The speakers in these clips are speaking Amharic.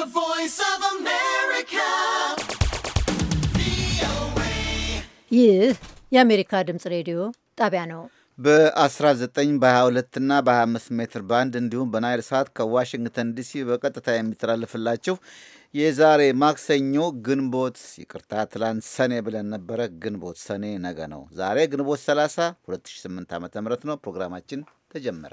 The voice of America. ይህ የአሜሪካ ድምፅ ሬዲዮ ጣቢያ ነው። በ19 በ22 እና በ25 ሜትር ባንድ እንዲሁም በናይል ሰዓት ከዋሽንግተን ዲሲ በቀጥታ የሚተላለፍላችሁ የዛሬ ማክሰኞ ግንቦት ይቅርታ፣ ትላንት ሰኔ ብለን ነበረ። ግንቦት ሰኔ ነገ ነው። ዛሬ ግንቦት 30 2008 ም ነው። ፕሮግራማችን ተጀመረ።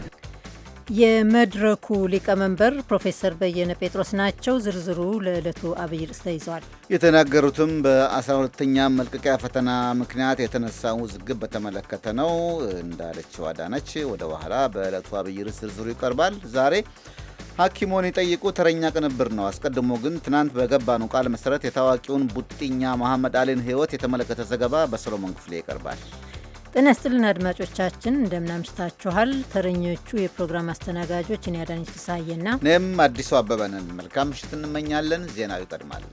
የመድረኩ ሊቀመንበር ፕሮፌሰር በየነ ጴጥሮስ ናቸው። ዝርዝሩ ለዕለቱ አብይ ርዕስ ተይዘዋል። የተናገሩትም በ12ተኛ መልቀቂያ ፈተና ምክንያት የተነሳ ውዝግብ በተመለከተ ነው። እንዳለችው አዳነች ወደ በኋላ በዕለቱ አብይ ርዕስ ዝርዝሩ ይቀርባል። ዛሬ ሐኪሞን ይጠይቁ ተረኛ ቅንብር ነው። አስቀድሞ ግን ትናንት በገባኑ ቃል መሰረት የታዋቂውን ቡጢኛ መሐመድ አሊን ሕይወት የተመለከተ ዘገባ በሰሎሞን ክፍሌ ይቀርባል። ጤና ይስጥልን አድማጮቻችን፣ እንደምናምሽታችኋል። ተረኞቹ የፕሮግራም አስተናጋጆች እኔ አዳነች ፍስሐዬና እኔም አዲሱ አበበ ነን። መልካም ምሽት እንመኛለን። ዜናው ይቀድማል።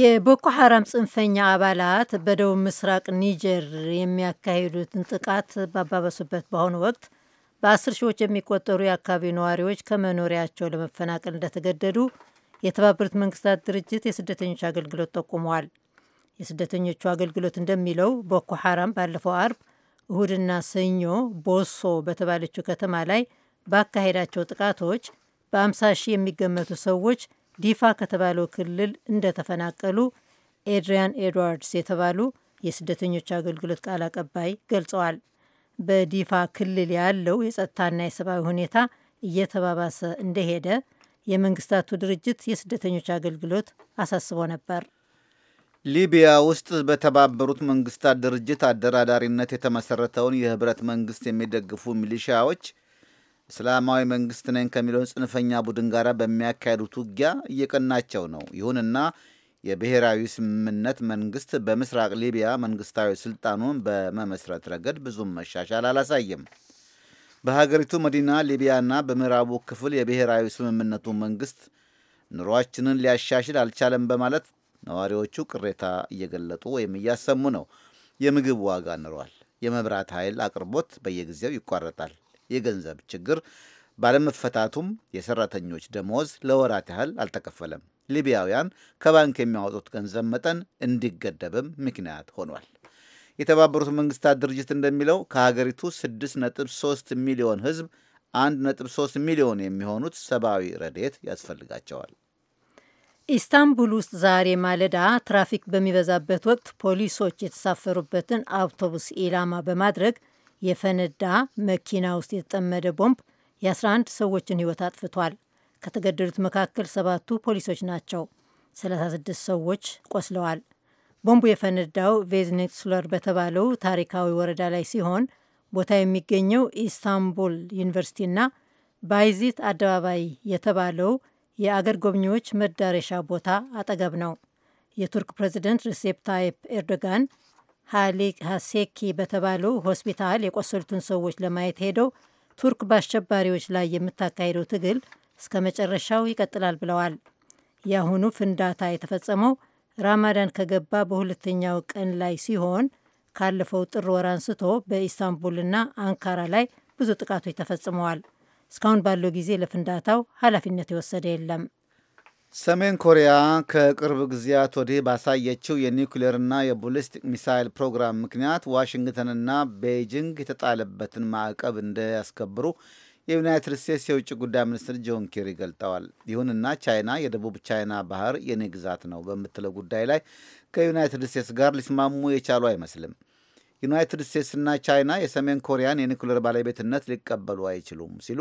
የቦኮ ሐራም ጽንፈኛ አባላት በደቡብ ምስራቅ ኒጀር የሚያካሂዱትን ጥቃት ባባበሱበት በአሁኑ ወቅት በአስር ሺዎች የሚቆጠሩ የአካባቢው ነዋሪዎች ከመኖሪያቸው ለመፈናቀል እንደተገደዱ የተባበሩት መንግስታት ድርጅት የስደተኞች አገልግሎት ጠቁመዋል። የስደተኞቹ አገልግሎት እንደሚለው ቦኮ ሐራም ባለፈው አርብ፣ እሁድና ሰኞ ቦሶ በተባለችው ከተማ ላይ ባካሄዳቸው ጥቃቶች በአምሳ ሺህ የሚገመቱ ሰዎች ዲፋ ከተባለው ክልል እንደተፈናቀሉ ኤድሪያን ኤድዋርድስ የተባሉ የስደተኞች አገልግሎት ቃል አቀባይ ገልጸዋል። በዲፋ ክልል ያለው የጸጥታና የሰብአዊ ሁኔታ እየተባባሰ እንደሄደ የመንግስታቱ ድርጅት የስደተኞች አገልግሎት አሳስቦ ነበር። ሊቢያ ውስጥ በተባበሩት መንግስታት ድርጅት አደራዳሪነት የተመሰረተውን የህብረት መንግስት የሚደግፉ ሚሊሺያዎች እስላማዊ መንግስት ነኝ ከሚለውን ጽንፈኛ ቡድን ጋር በሚያካሄዱት ውጊያ እየቀናቸው ነው። ይሁንና የብሔራዊ ስምምነት መንግስት በምስራቅ ሊቢያ መንግስታዊ ስልጣኑን በመመስረት ረገድ ብዙም መሻሻል አላሳየም። በሀገሪቱ መዲና ሊቢያና በምዕራቡ ክፍል የብሔራዊ ስምምነቱ መንግስት ኑሯችንን ሊያሻሽል አልቻለም በማለት ነዋሪዎቹ ቅሬታ እየገለጡ ወይም እያሰሙ ነው። የምግብ ዋጋ ንሯል። የመብራት ኃይል አቅርቦት በየጊዜው ይቋረጣል። የገንዘብ ችግር ባለመፈታቱም የሰራተኞች ደሞዝ ለወራት ያህል አልተከፈለም። ሊቢያውያን ከባንክ የሚያወጡት ገንዘብ መጠን እንዲገደብም ምክንያት ሆኗል። የተባበሩት መንግስታት ድርጅት እንደሚለው ከሀገሪቱ 6.3 ሚሊዮን ህዝብ 1.3 ሚሊዮን የሚሆኑት ሰብአዊ ረድኤት ያስፈልጋቸዋል። ኢስታንቡል ውስጥ ዛሬ ማለዳ ትራፊክ በሚበዛበት ወቅት ፖሊሶች የተሳፈሩበትን አውቶቡስ ኢላማ በማድረግ የፈነዳ መኪና ውስጥ የተጠመደ ቦምብ የ11 ሰዎችን ህይወት አጥፍቷል። ከተገደሉት መካከል ሰባቱ ፖሊሶች ናቸው። 36 ሰዎች ቆስለዋል። ቦምቡ የፈነዳው ቬዝኔክስለር በተባለው ታሪካዊ ወረዳ ላይ ሲሆን ቦታ የሚገኘው ኢስታንቡል ዩኒቨርሲቲና ባይዚት አደባባይ የተባለው የአገር ጎብኚዎች መዳረሻ ቦታ አጠገብ ነው። የቱርክ ፕሬዚደንት ሪሴፕ ታይፕ ኤርዶጋን ሃሊክ ሀሴኪ በተባለው ሆስፒታል የቆሰሉትን ሰዎች ለማየት ሄደው ቱርክ በአሸባሪዎች ላይ የምታካሄደው ትግል እስከ መጨረሻው ይቀጥላል ብለዋል። የአሁኑ ፍንዳታ የተፈጸመው ራማዳን ከገባ በሁለተኛው ቀን ላይ ሲሆን ካለፈው ጥር ወር አንስቶ በኢስታንቡልና አንካራ ላይ ብዙ ጥቃቶች ተፈጽመዋል። እስካሁን ባለው ጊዜ ለፍንዳታው ኃላፊነት የወሰደ የለም። ሰሜን ኮሪያ ከቅርብ ጊዜያት ወዲህ ባሳየችው የኒውክሌርና የቦሊስቲክ ሚሳይል ፕሮግራም ምክንያት ዋሽንግተንና ቤይጂንግ የተጣለበትን ማዕቀብ እንዳያስከብሩ። የዩናይትድ ስቴትስ የውጭ ጉዳይ ሚኒስትር ጆን ኬሪ ገልጠዋል። ይሁንና ቻይና የደቡብ ቻይና ባህር የኔ ግዛት ነው በምትለው ጉዳይ ላይ ከዩናይትድ ስቴትስ ጋር ሊስማሙ የቻሉ አይመስልም። ዩናይትድ ስቴትስና ቻይና የሰሜን ኮሪያን የኒኩሌር ባለቤትነት ሊቀበሉ አይችሉም ሲሉ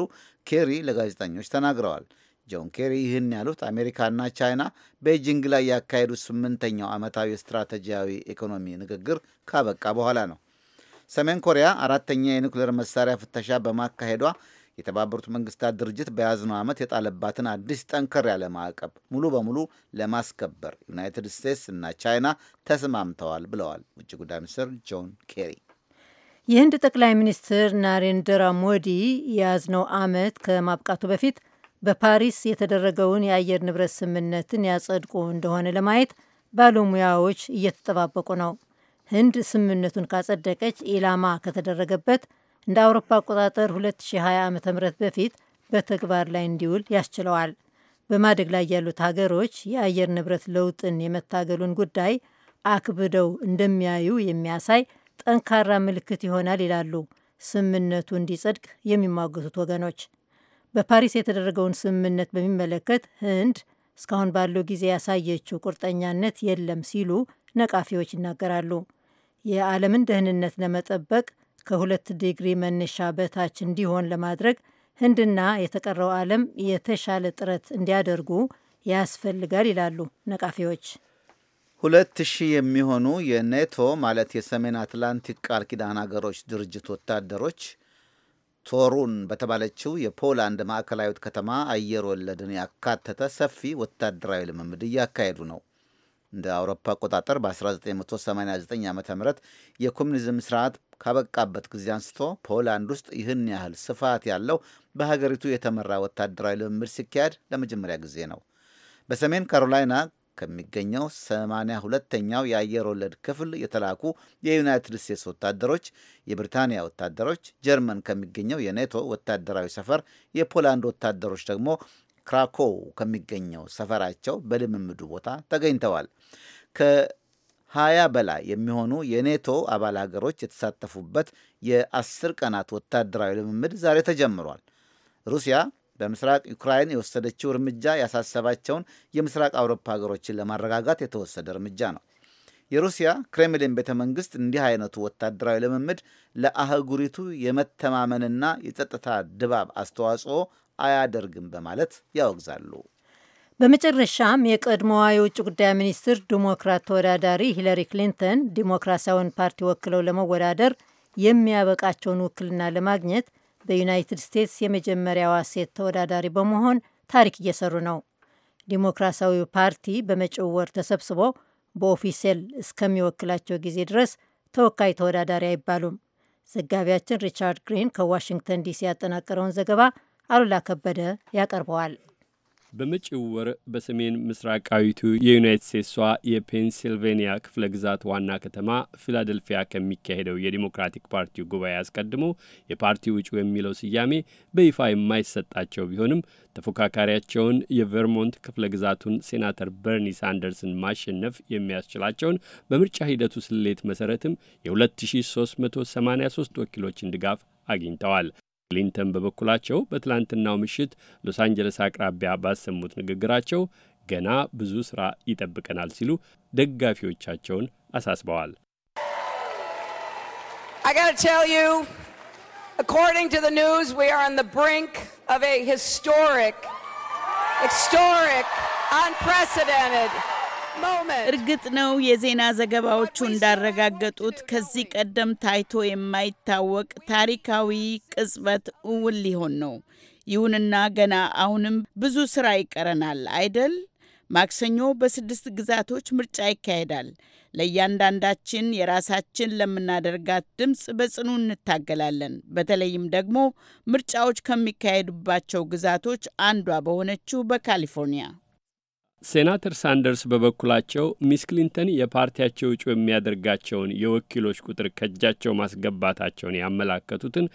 ኬሪ ለጋዜጠኞች ተናግረዋል። ጆን ኬሪ ይህን ያሉት አሜሪካና ቻይና ቤጂንግ ላይ ያካሄዱት ስምንተኛው ዓመታዊ ስትራቴጂያዊ ኢኮኖሚ ንግግር ካበቃ በኋላ ነው። ሰሜን ኮሪያ አራተኛ የኒኩሌር መሳሪያ ፍተሻ በማካሄዷ የተባበሩት መንግስታት ድርጅት በያዝነው ዓመት የጣለባትን አዲስ ጠንከር ያለ ማዕቀብ ሙሉ በሙሉ ለማስከበር ዩናይትድ ስቴትስ እና ቻይና ተስማምተዋል ብለዋል ውጭ ጉዳይ ሚኒስትር ጆን ኬሪ። የህንድ ጠቅላይ ሚኒስትር ናሬንድራ ሞዲ የያዝነው ዓመት ከማብቃቱ በፊት በፓሪስ የተደረገውን የአየር ንብረት ስምምነትን ያጸድቁ እንደሆነ ለማየት ባለሙያዎች እየተጠባበቁ ነው። ህንድ ስምምነቱን ካጸደቀች ኢላማ ከተደረገበት እንደ አውሮፓ አቆጣጠር 2020 ዓ ም በፊት በተግባር ላይ እንዲውል ያስችለዋል። በማደግ ላይ ያሉት ሀገሮች የአየር ንብረት ለውጥን የመታገሉን ጉዳይ አክብደው እንደሚያዩ የሚያሳይ ጠንካራ ምልክት ይሆናል ይላሉ ስምምነቱ እንዲጸድቅ የሚሟገቱት ወገኖች። በፓሪስ የተደረገውን ስምምነት በሚመለከት ህንድ እስካሁን ባለው ጊዜ ያሳየችው ቁርጠኛነት የለም ሲሉ ነቃፊዎች ይናገራሉ። የዓለምን ደህንነት ለመጠበቅ ከሁለት ዲግሪ መነሻ በታች እንዲሆን ለማድረግ ህንድና የተቀረው ዓለም የተሻለ ጥረት እንዲያደርጉ ያስፈልጋል ይላሉ ነቃፊዎች። ሁለት ሺህ የሚሆኑ የኔቶ ማለት የሰሜን አትላንቲክ ቃል ኪዳን ሀገሮች ድርጅት ወታደሮች ቶሩን በተባለችው የፖላንድ ማዕከላዊት ከተማ አየር ወለድን ያካተተ ሰፊ ወታደራዊ ልምምድ እያካሄዱ ነው። እንደ አውሮፓ አቆጣጠር በ1989 ዓ ም የኮሚኒዝም ስርዓት ካበቃበት ጊዜ አንስቶ ፖላንድ ውስጥ ይህን ያህል ስፋት ያለው በሀገሪቱ የተመራ ወታደራዊ ልምምድ ሲካሄድ ለመጀመሪያ ጊዜ ነው። በሰሜን ካሮላይና ከሚገኘው ሰማንያ ሁለተኛው የአየር ወለድ ክፍል የተላኩ የዩናይትድ ስቴትስ ወታደሮች፣ የብሪታንያ ወታደሮች፣ ጀርመን ከሚገኘው የኔቶ ወታደራዊ ሰፈር፣ የፖላንድ ወታደሮች ደግሞ ክራኮው ከሚገኘው ሰፈራቸው በልምምዱ ቦታ ተገኝተዋል። ሀያ በላይ የሚሆኑ የኔቶ አባል ሀገሮች የተሳተፉበት የአስር ቀናት ወታደራዊ ልምምድ ዛሬ ተጀምሯል። ሩሲያ በምስራቅ ዩክራይን የወሰደችው እርምጃ ያሳሰባቸውን የምስራቅ አውሮፓ ሀገሮችን ለማረጋጋት የተወሰደ እርምጃ ነው። የሩሲያ ክሬምሊን ቤተ መንግስት እንዲህ አይነቱ ወታደራዊ ልምምድ ለአህጉሪቱ የመተማመንና የጸጥታ ድባብ አስተዋጽኦ አያደርግም በማለት ያወግዛሉ። በመጨረሻም የቀድሞዋ የውጭ ጉዳይ ሚኒስትር ዲሞክራት ተወዳዳሪ ሂለሪ ክሊንተን ዲሞክራሲያዊን ፓርቲ ወክለው ለመወዳደር የሚያበቃቸውን ውክልና ለማግኘት በዩናይትድ ስቴትስ የመጀመሪያዋ ሴት ተወዳዳሪ በመሆን ታሪክ እየሰሩ ነው። ዲሞክራሲያዊ ፓርቲ በመጪው ወር ተሰብስቦ በኦፊሴል እስከሚወክላቸው ጊዜ ድረስ ተወካይ ተወዳዳሪ አይባሉም። ዘጋቢያችን ሪቻርድ ግሪን ከዋሽንግተን ዲሲ ያጠናቀረውን ዘገባ አሉላ ከበደ ያቀርበዋል። በመጪው ወር በሰሜን ምስራቃዊቱ የዩናይት ስቴትሷ የፔንሲልቬንያ ክፍለ ግዛት ዋና ከተማ ፊላደልፊያ ከሚካሄደው የዲሞክራቲክ ፓርቲው ጉባኤ አስቀድሞ የፓርቲው እጩ የሚለው ስያሜ በይፋ የማይሰጣቸው ቢሆንም ተፎካካሪያቸውን የቨርሞንት ክፍለ ግዛቱን ሴናተር በርኒ ሳንደርስን ማሸነፍ የሚያስችላቸውን በምርጫ ሂደቱ ስሌት መሰረትም የ2383 ወኪሎችን ድጋፍ አግኝተዋል። ክሊንተን በበኩላቸው በትላንትናው ምሽት ሎስ አንጀለስ አቅራቢያ ባሰሙት ንግግራቸው ገና ብዙ ሥራ ይጠብቀናል ሲሉ ደጋፊዎቻቸውን አሳስበዋል። ሪንግ እርግጥ ነው የዜና ዘገባዎቹ እንዳረጋገጡት ከዚህ ቀደም ታይቶ የማይታወቅ ታሪካዊ ቅጽበት እውን ሊሆን ነው። ይሁንና ገና አሁንም ብዙ ስራ ይቀረናል አይደል? ማክሰኞ በስድስት ግዛቶች ምርጫ ይካሄዳል። ለእያንዳንዳችን የራሳችን ለምናደርጋት ድምፅ በጽኑ እንታገላለን። በተለይም ደግሞ ምርጫዎች ከሚካሄዱባቸው ግዛቶች አንዷ በሆነችው በካሊፎርኒያ ሴናተር ሳንደርስ በበኩላቸው ሚስ ክሊንተን የፓርቲያቸው እጩ የሚያደርጋቸውን የወኪሎች ቁጥር ከእጃቸው ማስገባታቸውን ያመላከቱትን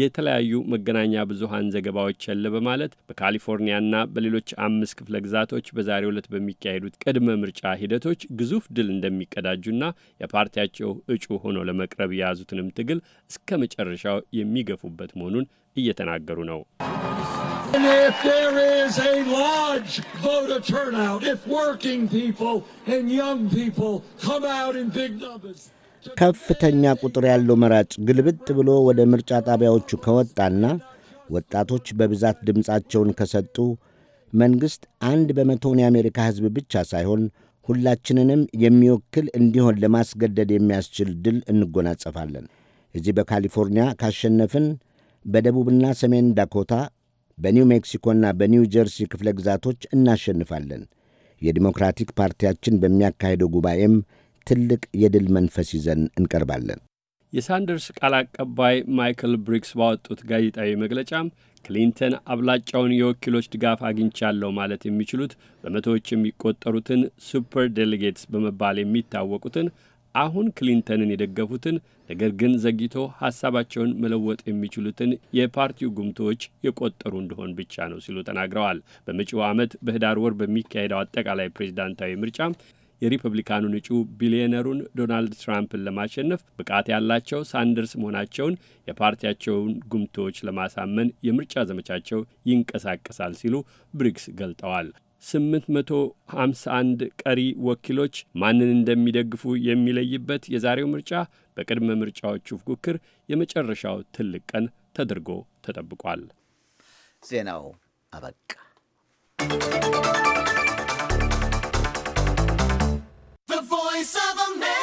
የተለያዩ መገናኛ ብዙሀን ዘገባዎች ቸል በማለት በካሊፎርኒያና በሌሎች አምስት ክፍለ ግዛቶች በዛሬው ዕለት በሚካሄዱት ቅድመ ምርጫ ሂደቶች ግዙፍ ድል እንደሚቀዳጁና የፓርቲያቸው እጩ ሆኖ ለመቅረብ የያዙትንም ትግል እስከ መጨረሻው የሚገፉበት መሆኑን እየተናገሩ ነው። And if there is a large voter turnout, if working people and young people come out in big numbers. ከፍተኛ ቁጥር ያለው መራጭ ግልብጥ ብሎ ወደ ምርጫ ጣቢያዎቹ ከወጣና ወጣቶች በብዛት ድምፃቸውን ከሰጡ መንግሥት አንድ በመቶውን የአሜሪካ ሕዝብ ብቻ ሳይሆን ሁላችንንም የሚወክል እንዲሆን ለማስገደድ የሚያስችል ድል እንጎናጸፋለን። እዚህ በካሊፎርኒያ ካሸነፍን በደቡብና ሰሜን ዳኮታ በኒው ሜክሲኮና በኒው ጀርሲ ክፍለ ግዛቶች እናሸንፋለን። የዲሞክራቲክ ፓርቲያችን በሚያካሄደው ጉባኤም ትልቅ የድል መንፈስ ይዘን እንቀርባለን። የሳንደርስ ቃል አቀባይ ማይክል ብሪክስ ባወጡት ጋዜጣዊ መግለጫም ክሊንተን አብላጫውን የወኪሎች ድጋፍ አግኝቻለሁ ማለት የሚችሉት በመቶዎች የሚቆጠሩትን ሱፐር ዴሌጌትስ በመባል የሚታወቁትን አሁን ክሊንተንን የደገፉትን ነገር ግን ዘግይቶ ሀሳባቸውን መለወጥ የሚችሉትን የፓርቲው ጉምቶዎች የቆጠሩ እንደሆን ብቻ ነው ሲሉ ተናግረዋል። በመጪው ዓመት በህዳር ወር በሚካሄደው አጠቃላይ ፕሬዚዳንታዊ ምርጫ የሪፐብሊካኑን እጩ ቢሊዮነሩን ዶናልድ ትራምፕን ለማሸነፍ ብቃት ያላቸው ሳንደርስ መሆናቸውን የፓርቲያቸውን ጉምቶዎች ለማሳመን የምርጫ ዘመቻቸው ይንቀሳቀሳል ሲሉ ብሪክስ ገልጠዋል። 851 ቀሪ ወኪሎች ማንን እንደሚደግፉ የሚለይበት የዛሬው ምርጫ በቅድመ ምርጫዎቹ ፉክክር የመጨረሻው ትልቅ ቀን ተደርጎ ተጠብቋል። ዜናው አበቃ። ቮይስ ኦፍ አሜሪካ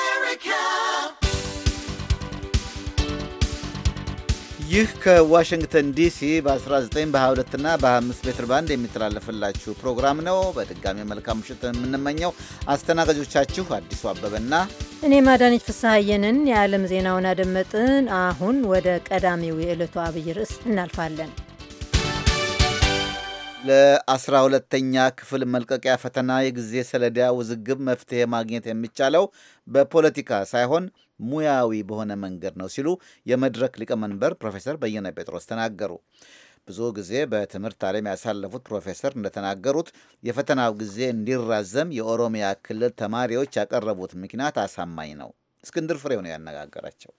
ይህ ከዋሽንግተን ዲሲ በ19 በ22ና በ25 ሜትር ባንድ የሚተላለፍላችሁ ፕሮግራም ነው። በድጋሚ መልካም ምሽት የምንመኘው አስተናጋጆቻችሁ አዲሱ አበበና እኔ ማዳነች ፍስሐየንን። የዓለም ዜናውን አደመጥን። አሁን ወደ ቀዳሚው የዕለቱ አብይ ርዕስ እናልፋለን። ለአስራ ሁለተኛ ክፍል መልቀቂያ ፈተና የጊዜ ሰሌዳ ውዝግብ መፍትሄ ማግኘት የሚቻለው በፖለቲካ ሳይሆን ሙያዊ በሆነ መንገድ ነው ሲሉ የመድረክ ሊቀመንበር ፕሮፌሰር በየነ ጴጥሮስ ተናገሩ። ብዙ ጊዜ በትምህርት ዓለም ያሳለፉት ፕሮፌሰር እንደተናገሩት የፈተናው ጊዜ እንዲራዘም የኦሮሚያ ክልል ተማሪዎች ያቀረቡት ምክንያት አሳማኝ ነው። እስክንድር ፍሬው ነው ያነጋገራቸው።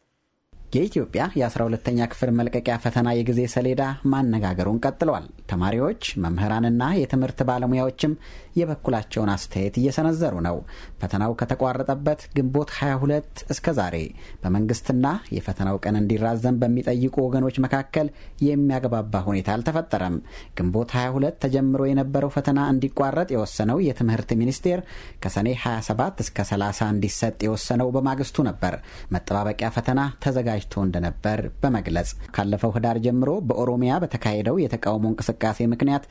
የኢትዮጵያ የ12ተኛ ክፍል መልቀቂያ ፈተና የጊዜ ሰሌዳ ማነጋገሩን ቀጥሏል። ተማሪዎች፣ መምህራንና የትምህርት ባለሙያዎችም የበኩላቸውን አስተያየት እየሰነዘሩ ነው። ፈተናው ከተቋረጠበት ግንቦት 22 እስከ ዛሬ በመንግስትና የፈተናው ቀን እንዲራዘም በሚጠይቁ ወገኖች መካከል የሚያግባባ ሁኔታ አልተፈጠረም። ግንቦት 22 ተጀምሮ የነበረው ፈተና እንዲቋረጥ የወሰነው የትምህርት ሚኒስቴር ከሰኔ 27 እስከ 30 እንዲሰጥ የወሰነው በማግስቱ ነበር። መጠባበቂያ ፈተና ተዘጋጅቶ እንደነበር በመግለጽ ካለፈው ህዳር ጀምሮ በኦሮሚያ በተካሄደው የተቃውሞ እንቅስቃሴ ምክንያት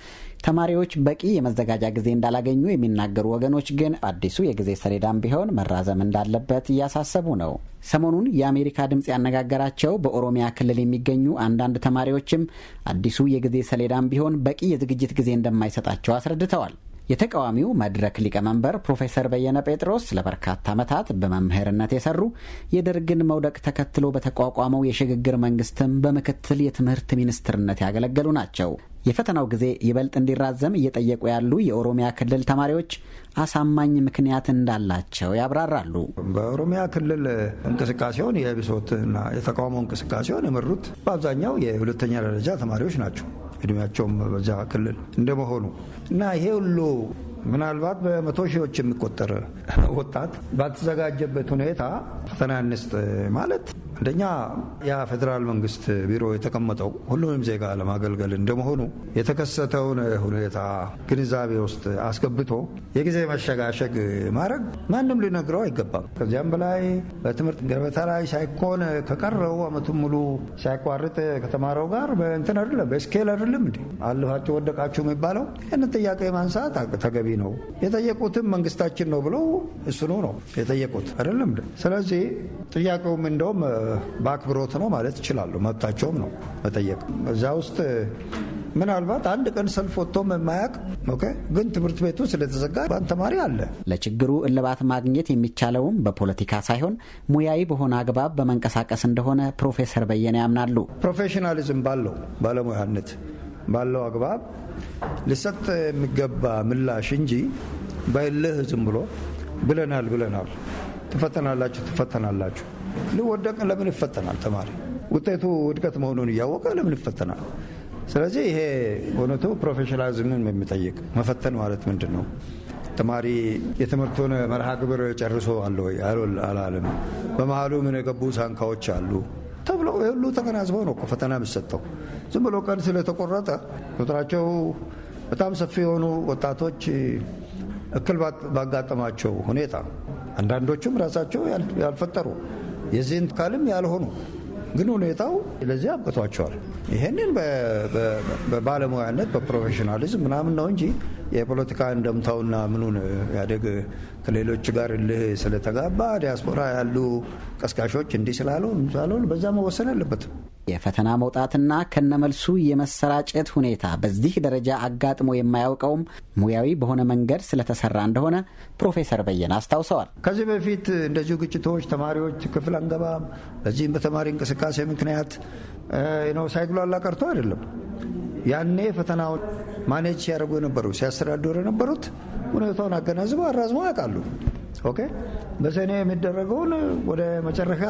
ተማሪዎች በቂ የመዘጋጃ ጊዜ እንዳላ እንዳላገኙ የሚናገሩ ወገኖች ግን አዲሱ የጊዜ ሰሌዳም ቢሆን መራዘም እንዳለበት እያሳሰቡ ነው። ሰሞኑን የአሜሪካ ድምፅ ያነጋገራቸው በኦሮሚያ ክልል የሚገኙ አንዳንድ ተማሪዎችም አዲሱ የጊዜ ሰሌዳም ቢሆን በቂ የዝግጅት ጊዜ እንደማይሰጣቸው አስረድተዋል። የተቃዋሚው መድረክ ሊቀመንበር ፕሮፌሰር በየነ ጴጥሮስ ለበርካታ ዓመታት በመምህርነት የሰሩ የደርግን መውደቅ ተከትሎ በተቋቋመው የሽግግር መንግስትም በምክትል የትምህርት ሚኒስትርነት ያገለገሉ ናቸው። የፈተናው ጊዜ ይበልጥ እንዲራዘም እየጠየቁ ያሉ የኦሮሚያ ክልል ተማሪዎች አሳማኝ ምክንያት እንዳላቸው ያብራራሉ። በኦሮሚያ ክልል እንቅስቃሴውን የብሶትና የተቃውሞ እንቅስቃሴውን የመሩት በአብዛኛው የሁለተኛ ደረጃ ተማሪዎች ናቸው። እድሜያቸውም በዛ ክልል እንደመሆኑ እና ይሄ ሁሉ ምናልባት በመቶ ሺዎች የሚቆጠር ወጣት ባልተዘጋጀበት ሁኔታ ፈተና እንስጥ ማለት አንደኛ ያ ፌዴራል መንግስት ቢሮ የተቀመጠው ሁሉንም ዜጋ ለማገልገል እንደመሆኑ የተከሰተውን ሁኔታ ግንዛቤ ውስጥ አስገብቶ የጊዜ መሸጋሸግ ማድረግ ማንም ሊነግረው አይገባም። ከዚያም በላይ በትምህርት ገበታ ላይ ሳይኮን ከቀረው አመቱን ሙሉ ሳያቋርጥ ከተማረው ጋር በእንትን አይደለም በስኬል አይደለም እንዲ አልፋችሁ ወደቃችሁ የሚባለው ይህንን ጥያቄ ማንሳት ተገቢ ነው። የጠየቁትም መንግስታችን ነው ብለው እሱኑ ነው የጠየቁት አይደለም። ስለዚህ ጥያቄውም እንደውም በአክብሮት ነው ማለት ይችላሉ። መብታቸውም ነው መጠየቅ። እዛ ውስጥ ምናልባት አንድ ቀን ሰልፍ ወጥቶ የማያውቅ ግን ትምህርት ቤቱ ስለተዘጋ ባን ተማሪ አለ። ለችግሩ እልባት ማግኘት የሚቻለውም በፖለቲካ ሳይሆን ሙያዊ በሆነ አግባብ በመንቀሳቀስ እንደሆነ ፕሮፌሰር በየነ ያምናሉ። ፕሮፌሽናሊዝም ባለው ባለሙያነት ባለው አግባብ ሊሰጥ የሚገባ ምላሽ እንጂ በእልህ ዝም ብሎ ብለናል ብለናል ትፈተናላችሁ ትፈተናላችሁ ወደቅ ለምን ይፈተናል? ተማሪ ውጤቱ ውድቀት መሆኑን እያወቀ ለምን ይፈተናል? ስለዚህ ይሄ እውነቱ ፕሮፌሽናሊዝምን የሚጠይቅ መፈተን ማለት ምንድን ነው? ተማሪ የትምህርቱን መርሃ ግብር ጨርሶ አለ ወይ አላለም፣ በመሀሉ ምን የገቡ ሳንካዎች አሉ ተብሎ ሁሉ ተገናዝበው ነው ፈተና የሚሰጠው። ዝም ብሎ ቀን ስለተቆረጠ ቁጥራቸው በጣም ሰፊ የሆኑ ወጣቶች እክል ባጋጠማቸው ሁኔታ አንዳንዶቹም ራሳቸው ያልፈጠሩ የዚህን ካልም ያልሆኑ ግን ሁኔታው ለዚህ አብቅቷቸዋል። ይህንን በባለሙያነት በፕሮፌሽናሊዝም ምናምን ነው እንጂ የፖለቲካ እንደምታውና ምኑን ያደግ ከሌሎች ጋር እልህ ስለተጋባ ዲያስፖራ ያሉ ቀስቃሾች እንዲህ ስላሉ በዛ መወሰን አለበትም። የፈተና መውጣትና ከነመልሱ የመሰራጨት ሁኔታ በዚህ ደረጃ አጋጥሞ የማያውቀውም ሙያዊ በሆነ መንገድ ስለተሰራ እንደሆነ ፕሮፌሰር በየነ አስታውሰዋል። ከዚህ በፊት እንደዚሁ ግጭቶች፣ ተማሪዎች ክፍል አንገባም፣ በዚህም በተማሪ እንቅስቃሴ ምክንያት ነው ሳይግሏላ ቀርቶ አይደለም። ያኔ ፈተናውን ማኔጅ ሲያደርጉ የነበሩ ሲያስተዳድሩ የነበሩት ሁኔታውን አገናዝበው አራዝመው ያውቃሉ። ኦኬ በሰኔ የሚደረገውን ወደ መጨረሻ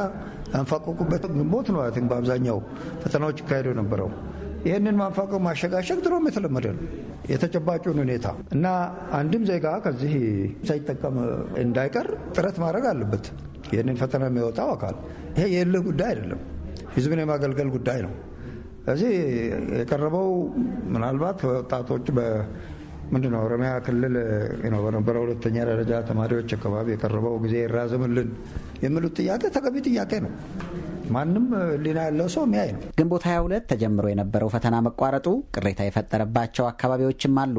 አንፋቀቁበት ግንቦት ነው በአብዛኛው ፈተናዎች ይካሄዱ የነበረው። ይህንን ማንፋቀቅ ማሸጋሸግ ድሮም የተለመደ ነው። የተጨባጩን ሁኔታ እና አንድም ዜጋ ከዚህ ሳይጠቀም እንዳይቀር ጥረት ማድረግ አለበት። ይህንን ፈተና የሚወጣው አካል ይሄ የእልህ ጉዳይ አይደለም፣ ህዝብን የማገልገል ጉዳይ ነው። እዚህ የቀረበው ምናልባት ወጣቶች ምንድ ነው ኦሮሚያ ክልል በነበረ ሁለተኛ ደረጃ ተማሪዎች አካባቢ የቀረበው ጊዜ ይራዘምልን የሚሉት ጥያቄ ተገቢ ጥያቄ ነው። ማንም ሕሊና ያለው ሰው ሚያይ ነው። ግንቦት 22 ተጀምሮ የነበረው ፈተና መቋረጡ ቅሬታ የፈጠረባቸው አካባቢዎችም አሉ።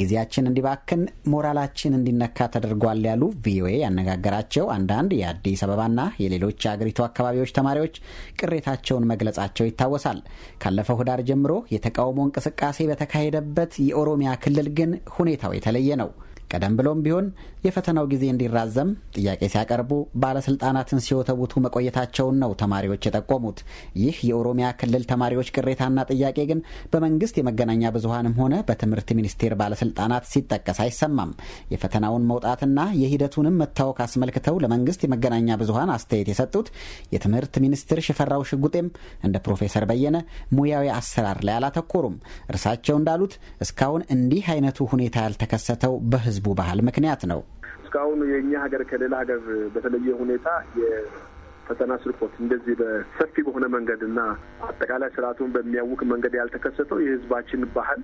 ጊዜያችን እንዲባክን፣ ሞራላችን እንዲነካ ተደርጓል ያሉ ቪኦኤ ያነጋገራቸው አንዳንድ የአዲስ አበባና የሌሎች የአገሪቱ አካባቢዎች ተማሪዎች ቅሬታቸውን መግለጻቸው ይታወሳል። ካለፈው ህዳር ጀምሮ የተቃውሞ እንቅስቃሴ በተካሄደበት የኦሮሚያ ክልል ግን ሁኔታው የተለየ ነው። ቀደም ብሎም ቢሆን የፈተናው ጊዜ እንዲራዘም ጥያቄ ሲያቀርቡ ባለስልጣናትን ሲወተቡቱ መቆየታቸውን ነው ተማሪዎች የጠቆሙት። ይህ የኦሮሚያ ክልል ተማሪዎች ቅሬታና ጥያቄ ግን በመንግስት የመገናኛ ብዙሀንም ሆነ በትምህርት ሚኒስቴር ባለስልጣናት ሲጠቀስ አይሰማም። የፈተናውን መውጣትና የሂደቱንም መታወክ አስመልክተው ለመንግስት የመገናኛ ብዙሀን አስተያየት የሰጡት የትምህርት ሚኒስትር ሽፈራው ሽጉጤም እንደ ፕሮፌሰር በየነ ሙያዊ አሰራር ላይ አላተኮሩም። እርሳቸው እንዳሉት እስካሁን እንዲህ አይነቱ ሁኔታ ያልተከሰተው በህዝቡ ባህል ምክንያት ነው። እስካሁን የእኛ ሀገር ከሌላ ሀገር በተለየ ሁኔታ የፈተና ስርቆት እንደዚህ በሰፊ በሆነ መንገድ እና አጠቃላይ ስርዓቱን በሚያውቅ መንገድ ያልተከሰተው የህዝባችን ባህል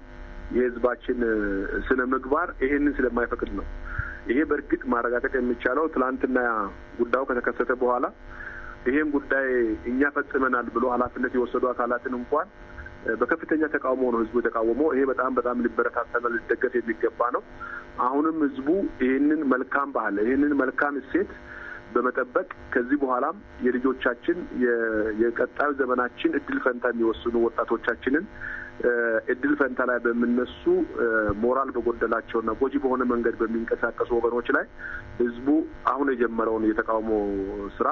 የህዝባችን ስነ ምግባር ይሄንን ስለማይፈቅድ ነው። ይሄ በእርግጥ ማረጋገጥ የሚቻለው ትላንትና ጉዳዩ ከተከሰተ በኋላ ይሄን ጉዳይ እኛ ፈጽመናል ብሎ ኃላፊነት የወሰዱ አካላትን እንኳን በከፍተኛ ተቃውሞ ነው ህዝቡ የተቃወመው። ይሄ በጣም በጣም ሊበረታታና ሊደገፍ የሚገባ ነው። አሁንም ህዝቡ ይህንን መልካም ባህል ይህንን መልካም እሴት በመጠበቅ ከዚህ በኋላም የልጆቻችን የቀጣዩ ዘመናችን እድል ፈንታ የሚወስኑ ወጣቶቻችንን እድል ፈንታ ላይ በሚነሱ ሞራል በጎደላቸውና ጎጂ በሆነ መንገድ በሚንቀሳቀሱ ወገኖች ላይ ህዝቡ አሁን የጀመረውን የተቃውሞ ስራ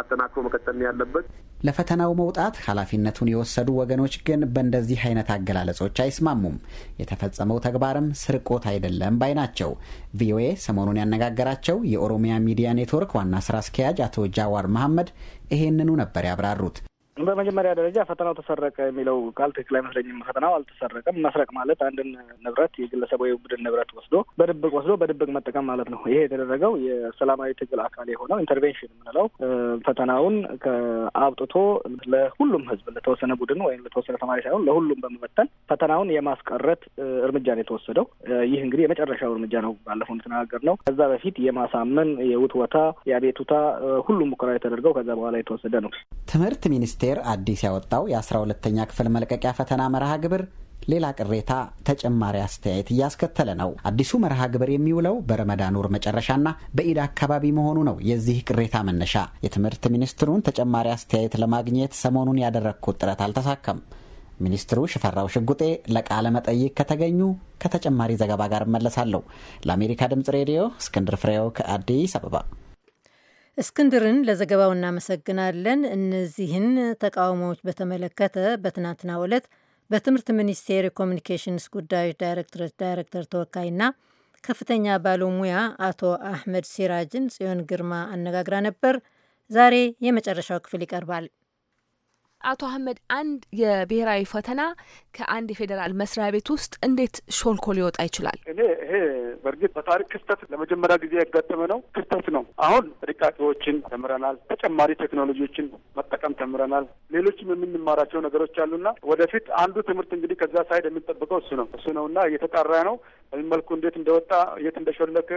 አጠናክሮ መቀጠል ነው ያለበት። ለፈተናው መውጣት ኃላፊነቱን የወሰዱ ወገኖች ግን በእንደዚህ አይነት አገላለጾች አይስማሙም። የተፈጸመው ተግባርም ስርቆት አይደለም ባይ ናቸው። ቪኦኤ ሰሞኑን ያነጋገራቸው የኦሮሚያ ሚዲያ ኔትወርክ ዋና ስራ አስኪያጅ አቶ ጃዋር መሐመድ ይሄንኑ ነበር ያብራሩት። በመጀመሪያ ደረጃ ፈተናው ተሰረቀ የሚለው ቃል ትክክል አይመስለኝም። ፈተናው አልተሰረቀም። መስረቅ ማለት አንድን ንብረት የግለሰብ ወይ ቡድን ንብረት ወስዶ በድብቅ ወስዶ በድብቅ መጠቀም ማለት ነው። ይሄ የተደረገው የሰላማዊ ትግል አካል የሆነው ኢንተርቬንሽን የምንለው ፈተናውን ከአብጥቶ ለሁሉም ህዝብ ለተወሰነ ቡድን ወይም ለተወሰነ ተማሪ ሳይሆን ለሁሉም በመበተን ፈተናውን የማስቀረት እርምጃ ነው የተወሰደው። ይህ እንግዲህ የመጨረሻው እርምጃ ነው። ባለፈው ነው። ከዛ በፊት የማሳመን የውትወታ፣ የአቤቱታ ሁሉም ሙከራ የተደርገው ከዛ በኋላ የተወሰደ ነው። ትምህርት ሚኒስቴር ሚኒስቴር አዲስ ያወጣው የ12ተኛ ክፍል መልቀቂያ ፈተና መርሃ ግብር ሌላ ቅሬታ፣ ተጨማሪ አስተያየት እያስከተለ ነው። አዲሱ መርሃ ግብር የሚውለው በረመዳን ወር መጨረሻና በኢድ አካባቢ መሆኑ ነው የዚህ ቅሬታ መነሻ። የትምህርት ሚኒስትሩን ተጨማሪ አስተያየት ለማግኘት ሰሞኑን ያደረግኩት ጥረት አልተሳካም። ሚኒስትሩ ሽፈራው ሽጉጤ ለቃለ መጠይቅ ከተገኙ ከተጨማሪ ዘገባ ጋር እመለሳለሁ። ለአሜሪካ ድምጽ ሬዲዮ እስክንድር ፍሬው ከአዲስ አበባ እስክንድርን ለዘገባው እናመሰግናለን። እነዚህን ተቃውሞዎች በተመለከተ በትናንትና ዕለት በትምህርት ሚኒስቴር የኮሚኒኬሽንስ ጉዳዮች ዳይሬክተር ዳይሬክተር ተወካይና ከፍተኛ ባለሙያ አቶ አህመድ ሲራጅን ጽዮን ግርማ አነጋግራ ነበር። ዛሬ የመጨረሻው ክፍል ይቀርባል። አቶ አህመድ አንድ የብሔራዊ ፈተና ከአንድ የፌዴራል መስሪያ ቤት ውስጥ እንዴት ሾልኮ ሊወጣ ይችላል? እኔ ይሄ በእርግጥ በታሪክ ክስተት ለመጀመሪያ ጊዜ ያጋጠመ ነው፣ ክስተት ነው። አሁን ጥንቃቄዎችን ተምረናል፣ ተጨማሪ ቴክኖሎጂዎችን መጠቀም ተምረናል። ሌሎችም የምንማራቸው ነገሮች አሉና ወደፊት አንዱ ትምህርት እንግዲህ ከዛ ሳይድ የምንጠብቀው እሱ ነው እሱ ነው እና እየተጣራ ነው በምን መልኩ እንዴት እንደወጣ የት እንደሾለከ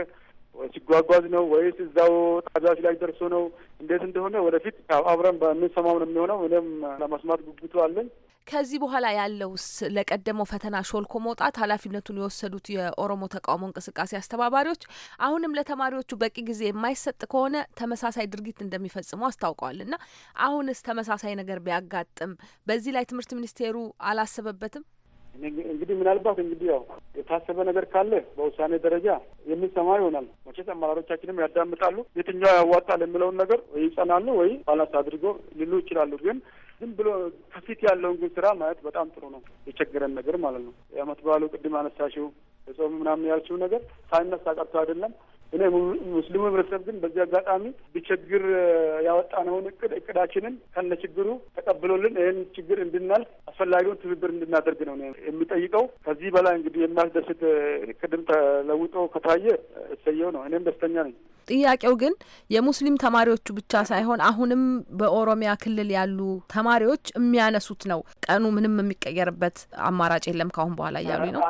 ሲጓጓዝ ነው ወይስ እዛው ጣቢያዎች ላይ ደርሶ ነው? እንዴት እንደሆነ ወደፊት አብረን በምንሰማው ነው የሚሆነው። እኔም ለመስማት ጉጉቱ አለኝ። ከዚህ በኋላ ያለውስ ለቀደመው ፈተና ሾልኮ መውጣት ኃላፊነቱን የወሰዱት የኦሮሞ ተቃውሞ እንቅስቃሴ አስተባባሪዎች አሁንም ለተማሪዎቹ በቂ ጊዜ የማይሰጥ ከሆነ ተመሳሳይ ድርጊት እንደሚፈጽሙ አስታውቀዋል። እና አሁንስ ተመሳሳይ ነገር ቢያጋጥም በዚህ ላይ ትምህርት ሚኒስቴሩ አላሰበበትም? እንግዲህ ምናልባት እንግዲህ ያው የታሰበ ነገር ካለ በውሳኔ ደረጃ የምንሰማ ይሆናል። መቼት አመራሮቻችንም ያዳምጣሉ። የትኛው ያዋጣል የሚለውን ነገር ወይ ይጸናሉ ወይ ባላንስ አድርጎ ሊሉ ይችላሉ። ግን ዝም ብሎ ከፊት ያለውን ግን ስራ ማየት በጣም ጥሩ ነው። የቸገረን ነገር ማለት ነው። የአመት በዓሉ ቅድም አነሳሽው የጾም ምናምን ያልችው ነገር ሳይነሳ ቀርቶ አይደለም እኔ ሙስሊሙ ህብረተሰብ ግን በዚህ አጋጣሚ ችግር ያወጣነውን እቅድ እቅዳችንን ከነ ችግሩ ተቀብሎልን ይህን ችግር እንድናልፍ አስፈላጊውን ትብብር እንድናደርግ ነው የሚጠይቀው። ከዚህ በላይ እንግዲህ የማስደስት ቅድም ተለውጦ ከታየ እሰየው ነው። እኔም ደስተኛ ነኝ። ጥያቄው ግን የሙስሊም ተማሪዎቹ ብቻ ሳይሆን አሁንም በኦሮሚያ ክልል ያሉ ተማሪዎች የሚያነሱት ነው። ቀኑ ምንም የሚቀየርበት አማራጭ የለም ካሁን በኋላ እያሉ ነው።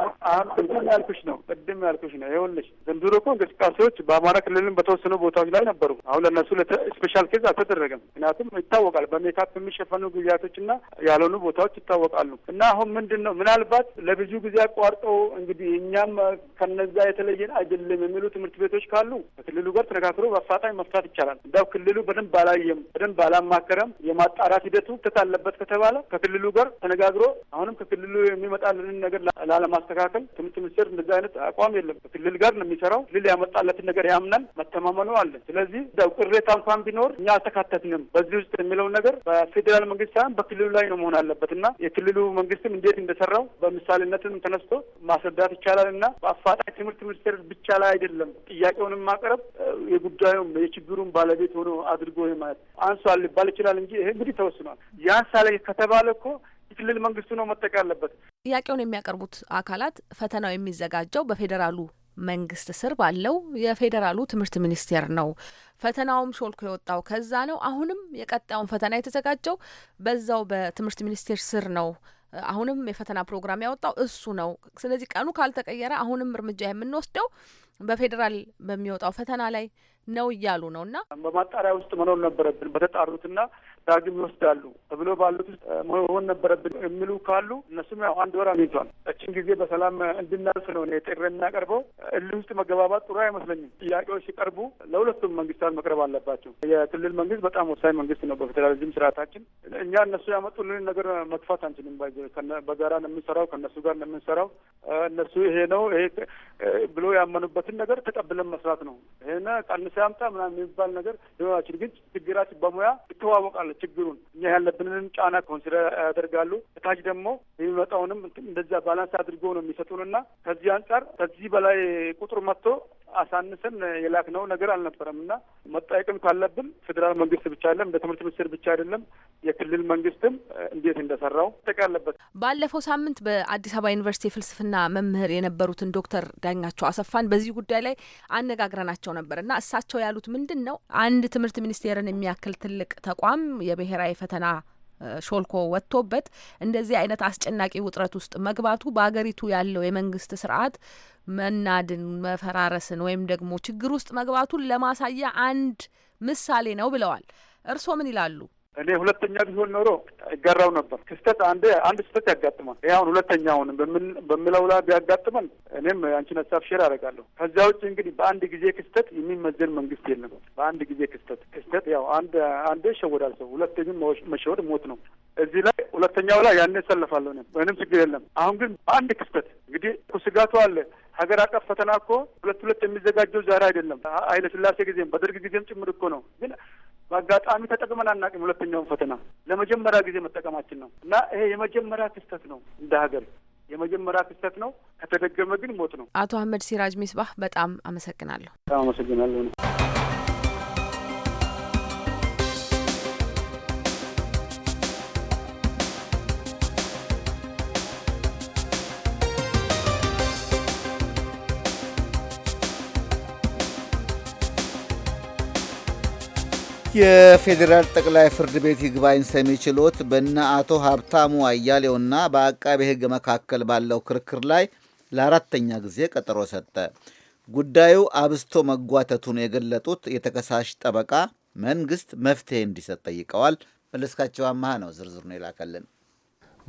ቅድም ያልኩሽ ነው ቅድም ያልኩሽ ነው። ይኸውልሽ ዘንድሮ እኮ እንቅስቃሴዎች በአማራ ክልልም በተወሰኑ ቦታዎች ላይ ነበሩ። አሁን ለእነሱ ስፔሻል ኬዝ አልተደረገም። ምክንያቱም ይታወቃል፣ በሜካፕ የሚሸፈኑ ጊዜያቶች እና ያልሆኑ ቦታዎች ይታወቃሉ። እና አሁን ምንድን ነው ምናልባት ለብዙ ጊዜ አቋርጠው እንግዲህ እኛም ከነዛ የተለየን አይደለም የሚሉ ትምህርት ቤቶች ካሉ ከክልሉ ጋር ጋር ተነጋግሮ በአፋጣኝ መፍታት ይቻላል። እንዳው ክልሉ በደንብ አላየም፣ በደንብ አላማከረም። የማጣራት ሂደቱ ክፍተት አለበት ከተባለ ከክልሉ ጋር ተነጋግሮ አሁንም ከክልሉ የሚመጣልንን ነገር ላለማስተካከል ትምህርት ሚኒስቴር እንደዚ አይነት አቋም የለም። ከክልል ጋር ነው የሚሰራው። ክልል ያመጣለትን ነገር ያምናል፣ መተማመኑ አለ። ስለዚህ እንዳው ቅሬታ እንኳን ቢኖር እኛ አልተካተትንም በዚህ ውስጥ የሚለውን ነገር በፌዴራል መንግስት ሳይሆን በክልሉ ላይ ነው መሆን አለበት እና የክልሉ መንግስትም እንዴት እንደሰራው በምሳሌነትም ተነስቶ ማስረዳት ይቻላል እና በአፋጣኝ ትምህርት ሚኒስቴር ብቻ ላይ አይደለም ጥያቄውንም ማቅረብ የጉዳዩም የችግሩም ባለቤት ሆኖ አድርጎ ማለት አንሷል ሊባል ይችላል እንጂ ይሄ እንግዲህ ተወስኗል። ያንሳለ ከተባለ እኮ የክልል መንግስቱ ነው መጠቅ ያለበት። ጥያቄውን የሚያቀርቡት አካላት ፈተናው የሚዘጋጀው በፌዴራሉ መንግስት ስር ባለው የፌዴራሉ ትምህርት ሚኒስቴር ነው። ፈተናውም ሾልኮ የወጣው ከዛ ነው። አሁንም የቀጣዩን ፈተና የተዘጋጀው በዛው በትምህርት ሚኒስቴር ስር ነው። አሁንም የፈተና ፕሮግራም ያወጣው እሱ ነው። ስለዚህ ቀኑ ካልተቀየረ አሁንም እርምጃ የምንወስደው በፌዴራል በሚወጣው ፈተና ላይ ነው እያሉ ነው። እና በማጣሪያ ውስጥ መኖር ነበረብን በተጣሩትና ዳግም ይወስዳሉ ተብሎ ባሉት ውስጥ መሆን ነበረብን የሚሉ ካሉ እነሱም ያው አንድ ወር አግኝቷል። እችን ጊዜ በሰላም እንድናልፍ ነው እኔ ጥሪ የምናቀርበው። እልህ ውስጥ መገባባት ጥሩ አይመስለኝም። ጥያቄዎች ሲቀርቡ ለሁለቱም መንግስታት መቅረብ አለባቸው። የክልል መንግስት በጣም ወሳኝ መንግስት ነው በፌዴራሊዝም ስርዓታችን። እኛ እነሱ ያመጡልን ነገር መግፋት አንችልም። በጋራ ነው የምንሰራው፣ ከእነሱ ጋር ነው የምንሰራው። እነሱ ይሄ ነው ይሄ ብሎ ያመኑበት ያለበትን ነገር ተቀብለን መስራት ነው። ይህን ቀንሰ ያምጣ ምናምን የሚባል ነገር ሊሆናችን ግን ችግራችን በሙያ ይተዋወቃሉ። ችግሩን እኛ ያለብንንም ጫና ኮንሲደር ያደርጋሉ። እታች ደግሞ የሚመጣውንም እንደዚያ ባላንስ አድርጎ ነው የሚሰጡንና ከዚህ አንጻር ከዚህ በላይ ቁጥር መጥቶ አሳንሰን የላክነው ነገር አልነበረም እና መጠየቅም ካለብን ፌዴራል መንግስት ብቻ አይደለም፣ እንደ ትምህርት ሚኒስቴር ብቻ አይደለም፣ የክልል መንግስትም እንዴት እንደሰራው ጠቅ አለበት። ባለፈው ሳምንት በአዲስ አበባ ዩኒቨርሲቲ የፍልስፍና መምህር የነበሩትን ዶክተር ዳኛቸው አሰፋን በዚሁ ጉዳይ ላይ አነጋግረናቸው ነበር እና እሳቸው ያሉት ምንድን ነው አንድ ትምህርት ሚኒስቴርን የሚያክል ትልቅ ተቋም የብሔራዊ ፈተና ሾልኮ ወጥቶበት እንደዚህ አይነት አስጨናቂ ውጥረት ውስጥ መግባቱ በሀገሪቱ ያለው የመንግስት ስርዓት መናድን፣ መፈራረስን ወይም ደግሞ ችግር ውስጥ መግባቱን ለማሳያ አንድ ምሳሌ ነው ብለዋል። እርስዎ ምን ይላሉ? እኔ ሁለተኛ ቢሆን ኖሮ ይጋራው ነበር። ክስተት አንድ አንድ ስህተት ያጋጥማል። ይህ አሁን ሁለተኛውን በምለው ላይ ቢያጋጥመን እኔም አንቺን ሀሳብ ሼር አደርጋለሁ። ከዚያ ውጭ እንግዲህ በአንድ ጊዜ ክስተት የሚመዘን መንግስት የለም። በአንድ ጊዜ ክስተት ክስተት ያው አንድ አንዴ ይሸወዳል ሰው፣ ሁለተኛም መሸወድ ሞት ነው። እዚህ ላይ ሁለተኛው ላይ ያን እሰለፋለሁ እኔም ምንም ችግር የለም። አሁን ግን በአንድ ክስተት እንግዲህ ስጋቱ አለ። ሀገር አቀፍ ፈተና እኮ ሁለት ሁለት የሚዘጋጀው ዛሬ አይደለም። ኃይለ ስላሴ ጊዜም በደርግ ጊዜም ጭምር እኮ ነው ግን በአጋጣሚ ተጠቅመን አናውቅም። ሁለተኛውን ፈተና ለመጀመሪያ ጊዜ መጠቀማችን ነው እና ይሄ የመጀመሪያ ክስተት ነው እንደ ሀገር የመጀመሪያ ክስተት ነው። ከተደገመ ግን ሞት ነው። አቶ አህመድ ሲራጅ ሚስባህ በጣም አመሰግናለሁ። በጣም አመሰግናለሁ። የፌዴራል ጠቅላይ ፍርድ ቤት ይግባኝ ሰሚ ችሎት በእነ አቶ ሀብታሙ አያሌውና በአቃቤ ሕግ መካከል ባለው ክርክር ላይ ለአራተኛ ጊዜ ቀጠሮ ሰጠ። ጉዳዩ አብስቶ መጓተቱን የገለጡት የተከሳሽ ጠበቃ መንግስት መፍትሄ እንዲሰጥ ጠይቀዋል። መለስካቸው አመሃ ነው ዝርዝሩን የላከልን።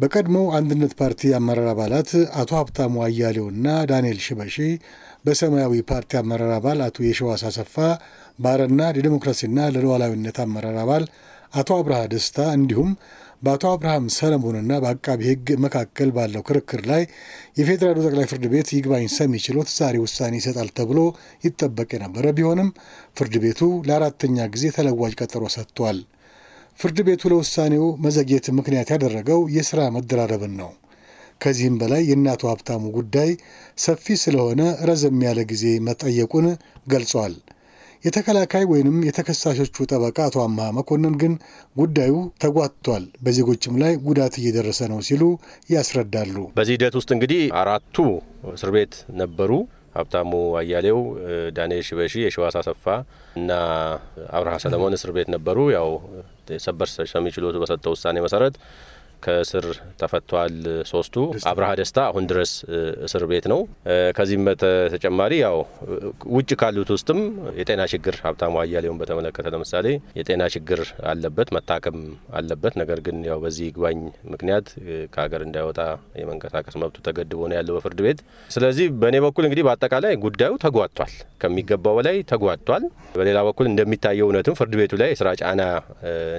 በቀድሞው አንድነት ፓርቲ አመራር አባላት አቶ ሀብታሙ አያሌውና ዳንኤል ሽበሺ፣ በሰማያዊ ፓርቲ አመራር አባል አቶ የሸዋስ አሰፋ ባረና ለዲሞክራሲና ለሉዓላዊነት አመራር አባል አቶ አብርሃ ደስታ እንዲሁም በአቶ አብርሃም ሰለሞንና በአቃቢ ሕግ መካከል ባለው ክርክር ላይ የፌዴራሉ ጠቅላይ ፍርድ ቤት ይግባኝ ሰሚ ችሎት ዛሬ ውሳኔ ይሰጣል ተብሎ ይጠበቅ የነበረ ቢሆንም ፍርድ ቤቱ ለአራተኛ ጊዜ ተለዋጭ ቀጠሮ ሰጥቷል። ፍርድ ቤቱ ለውሳኔው መዘግየት ምክንያት ያደረገው የሥራ መደራረብን ነው። ከዚህም በላይ የእናቱ ሀብታሙ ጉዳይ ሰፊ ስለሆነ ረዘም ያለ ጊዜ መጠየቁን ገልጿል። የተከላካይ ወይንም የተከሳሾቹ ጠበቃ አቶ አምሃ መኮንን ግን ጉዳዩ ተጓትቷል፣ በዜጎችም ላይ ጉዳት እየደረሰ ነው ሲሉ ያስረዳሉ። በዚህ ሂደት ውስጥ እንግዲህ አራቱ እስር ቤት ነበሩ። ሀብታሙ አያሌው፣ ዳንኤል ሽበሺ፣ የሸዋስ አሰፋ እና አብርሃ ሰለሞን እስር ቤት ነበሩ። ያው ሰበር ሰሚ ችሎቱ በሰጠው ውሳኔ መሰረት ከእስር ተፈቷል። ሶስቱ አብርሃ ደስታ አሁን ድረስ እስር ቤት ነው። ከዚህም በተጨማሪ ያው ውጭ ካሉት ውስጥም የጤና ችግር ሀብታሙ አያሌውን በተመለከተ ለምሳሌ የጤና ችግር አለበት፣ መታከም አለበት። ነገር ግን ያው በዚህ ይግባኝ ምክንያት ከሀገር እንዳይወጣ የመንቀሳቀስ መብቱ ተገድቦ ነው ያለው በፍርድ ቤት። ስለዚህ በእኔ በኩል እንግዲህ በአጠቃላይ ጉዳዩ ተጓቷል፣ ከሚገባው በላይ ተጓቷል። በሌላ በኩል እንደሚታየው እውነትም ፍርድ ቤቱ ላይ የስራ ጫና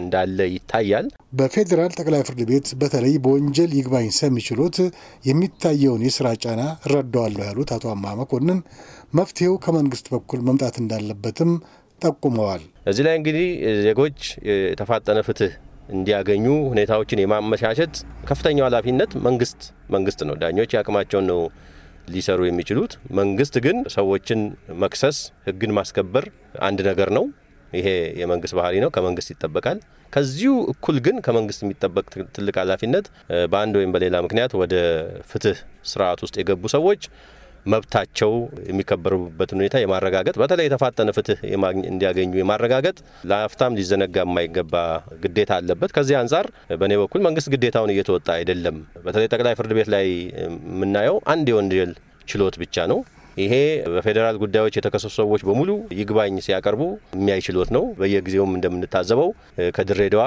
እንዳለ ይታያል። በፌዴራል ጠቅላይ ፍርድ ቤት በተለይ በወንጀል ይግባኝ ሰሚ ችሎት የሚታየውን የስራ ጫና እረዳዋለሁ ያሉት አቶ አማ መኮንን መፍትሄው ከመንግስት በኩል መምጣት እንዳለበትም ጠቁመዋል። እዚህ ላይ እንግዲህ ዜጎች የተፋጠነ ፍትህ እንዲያገኙ ሁኔታዎችን የማመቻቸት ከፍተኛው ኃላፊነት መንግስት መንግስት ነው። ዳኞች የአቅማቸውን ነው ሊሰሩ የሚችሉት። መንግስት ግን ሰዎችን መክሰስ፣ ህግን ማስከበር አንድ ነገር ነው። ይሄ የመንግስት ባህሪ ነው፣ ከመንግስት ይጠበቃል። ከዚሁ እኩል ግን ከመንግስት የሚጠበቅ ትልቅ ኃላፊነት በአንድ ወይም በሌላ ምክንያት ወደ ፍትህ ስርዓት ውስጥ የገቡ ሰዎች መብታቸው የሚከበሩበትን ሁኔታ የማረጋገጥ በተለይ የተፋጠነ ፍትህ እንዲያገኙ የማረጋገጥ ለአፍታም ሊዘነጋ የማይገባ ግዴታ አለበት። ከዚህ አንጻር በእኔ በኩል መንግስት ግዴታውን እየተወጣ አይደለም። በተለይ ጠቅላይ ፍርድ ቤት ላይ የምናየው አንድ የወንጀል ችሎት ብቻ ነው። ይሄ በፌዴራል ጉዳዮች የተከሰሱ ሰዎች በሙሉ ይግባኝ ሲያቀርቡ የሚያይ ችሎት ነው። በየጊዜውም እንደምንታዘበው ከድሬዳዋ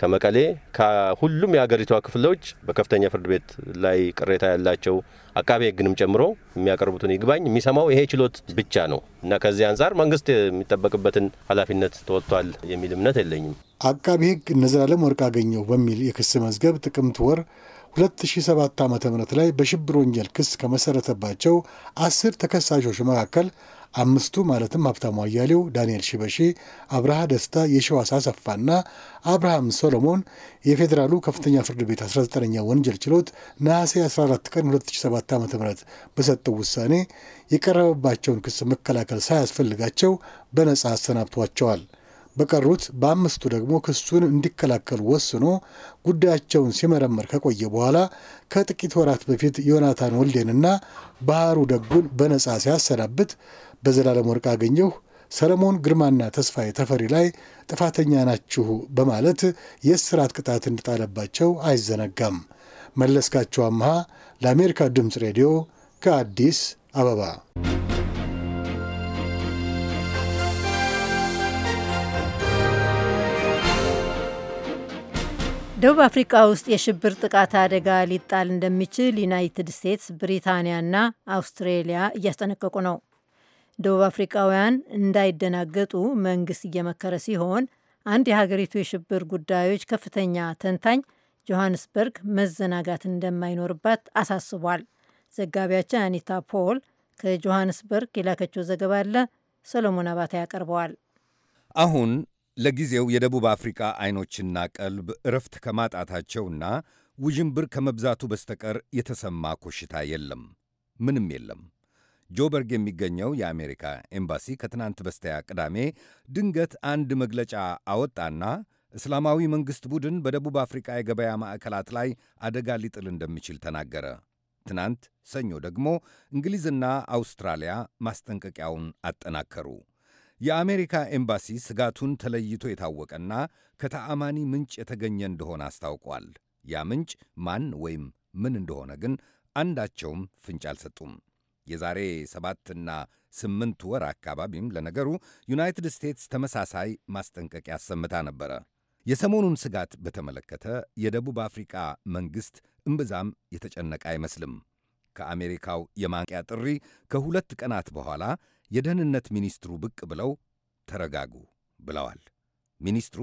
ከመቀሌ ከሁሉም የሀገሪቷ ክፍሎች በከፍተኛ ፍርድ ቤት ላይ ቅሬታ ያላቸው አቃቤ ሕግንም ጨምሮ የሚያቀርቡትን ይግባኝ የሚሰማው ይሄ ችሎት ብቻ ነው እና ከዚህ አንጻር መንግስት የሚጠበቅበትን ኃላፊነት ተወጥቷል የሚል እምነት የለኝም። አቃቤ ሕግ እነ ዘላለም ወርቅ አገኘው በሚል የክስ መዝገብ ጥቅምት ወር 2007 ዓ ም ላይ በሽብር ወንጀል ክስ ከመሰረተባቸው አስር ተከሳሾች መካከል አምስቱ ማለትም ሀብታሙ አያሌው፣ ዳንኤል ሽበሺ፣ አብርሃ ደስታ፣ የሸዋስ አሰፋና አብርሃም ሶሎሞን የፌዴራሉ ከፍተኛ ፍርድ ቤት 19ኛ ወንጀል ችሎት ነሐሴ 14 ቀን 2007 ዓ ም በሰጠው ውሳኔ የቀረበባቸውን ክስ መከላከል ሳያስፈልጋቸው በነጻ አሰናብቷቸዋል። በቀሩት በአምስቱ ደግሞ ክሱን እንዲከላከሉ ወስኖ ጉዳያቸውን ሲመረመር ከቆየ በኋላ ከጥቂት ወራት በፊት ዮናታን ወልዴንና ባህሩ ደጉን በነፃ ሲያሰናብት በዘላለም ወርቅ አገኘሁ ሰለሞን ግርማና ተስፋዬ ተፈሪ ላይ ጥፋተኛ ናችሁ በማለት የእስራት ቅጣት እንድጣለባቸው አይዘነጋም። መለስካቸው አምሃ ለአሜሪካ ድምፅ ሬዲዮ ከአዲስ አበባ ደቡብ አፍሪካ ውስጥ የሽብር ጥቃት አደጋ ሊጣል እንደሚችል ዩናይትድ ስቴትስ፣ ብሪታንያና አውስትሬሊያ እያስጠነቀቁ ነው። ደቡብ አፍሪካውያን እንዳይደናገጡ መንግስት እየመከረ ሲሆን አንድ የሀገሪቱ የሽብር ጉዳዮች ከፍተኛ ተንታኝ ጆሃንስበርግ መዘናጋት እንደማይኖርባት አሳስቧል። ዘጋቢያችን አኒታ ፖል ከጆሃንስበርግ የላከችው ዘገባ አለ። ሰሎሞን አባታ ያቀርበዋል። አሁን ለጊዜው የደቡብ አፍሪቃ አይኖችና ቀልብ እረፍት ከማጣታቸውና ውዥንብር ከመብዛቱ በስተቀር የተሰማ ኮሽታ የለም። ምንም የለም። ጆበርግ የሚገኘው የአሜሪካ ኤምባሲ ከትናንት በስቲያ ቅዳሜ ድንገት አንድ መግለጫ አወጣና እስላማዊ መንግሥት ቡድን በደቡብ አፍሪቃ የገበያ ማዕከላት ላይ አደጋ ሊጥል እንደሚችል ተናገረ። ትናንት ሰኞ ደግሞ እንግሊዝና አውስትራሊያ ማስጠንቀቂያውን አጠናከሩ። የአሜሪካ ኤምባሲ ስጋቱን ተለይቶ የታወቀና ከተአማኒ ምንጭ የተገኘ እንደሆነ አስታውቋል። ያ ምንጭ ማን ወይም ምን እንደሆነ ግን አንዳቸውም ፍንጭ አልሰጡም። የዛሬ ሰባትና ስምንት ወር አካባቢም ለነገሩ ዩናይትድ ስቴትስ ተመሳሳይ ማስጠንቀቂያ አሰምታ ነበረ። የሰሞኑን ስጋት በተመለከተ የደቡብ አፍሪቃ መንግሥት እምብዛም የተጨነቀ አይመስልም። ከአሜሪካው የማንቂያ ጥሪ ከሁለት ቀናት በኋላ የደህንነት ሚኒስትሩ ብቅ ብለው ተረጋጉ ብለዋል። ሚኒስትሩ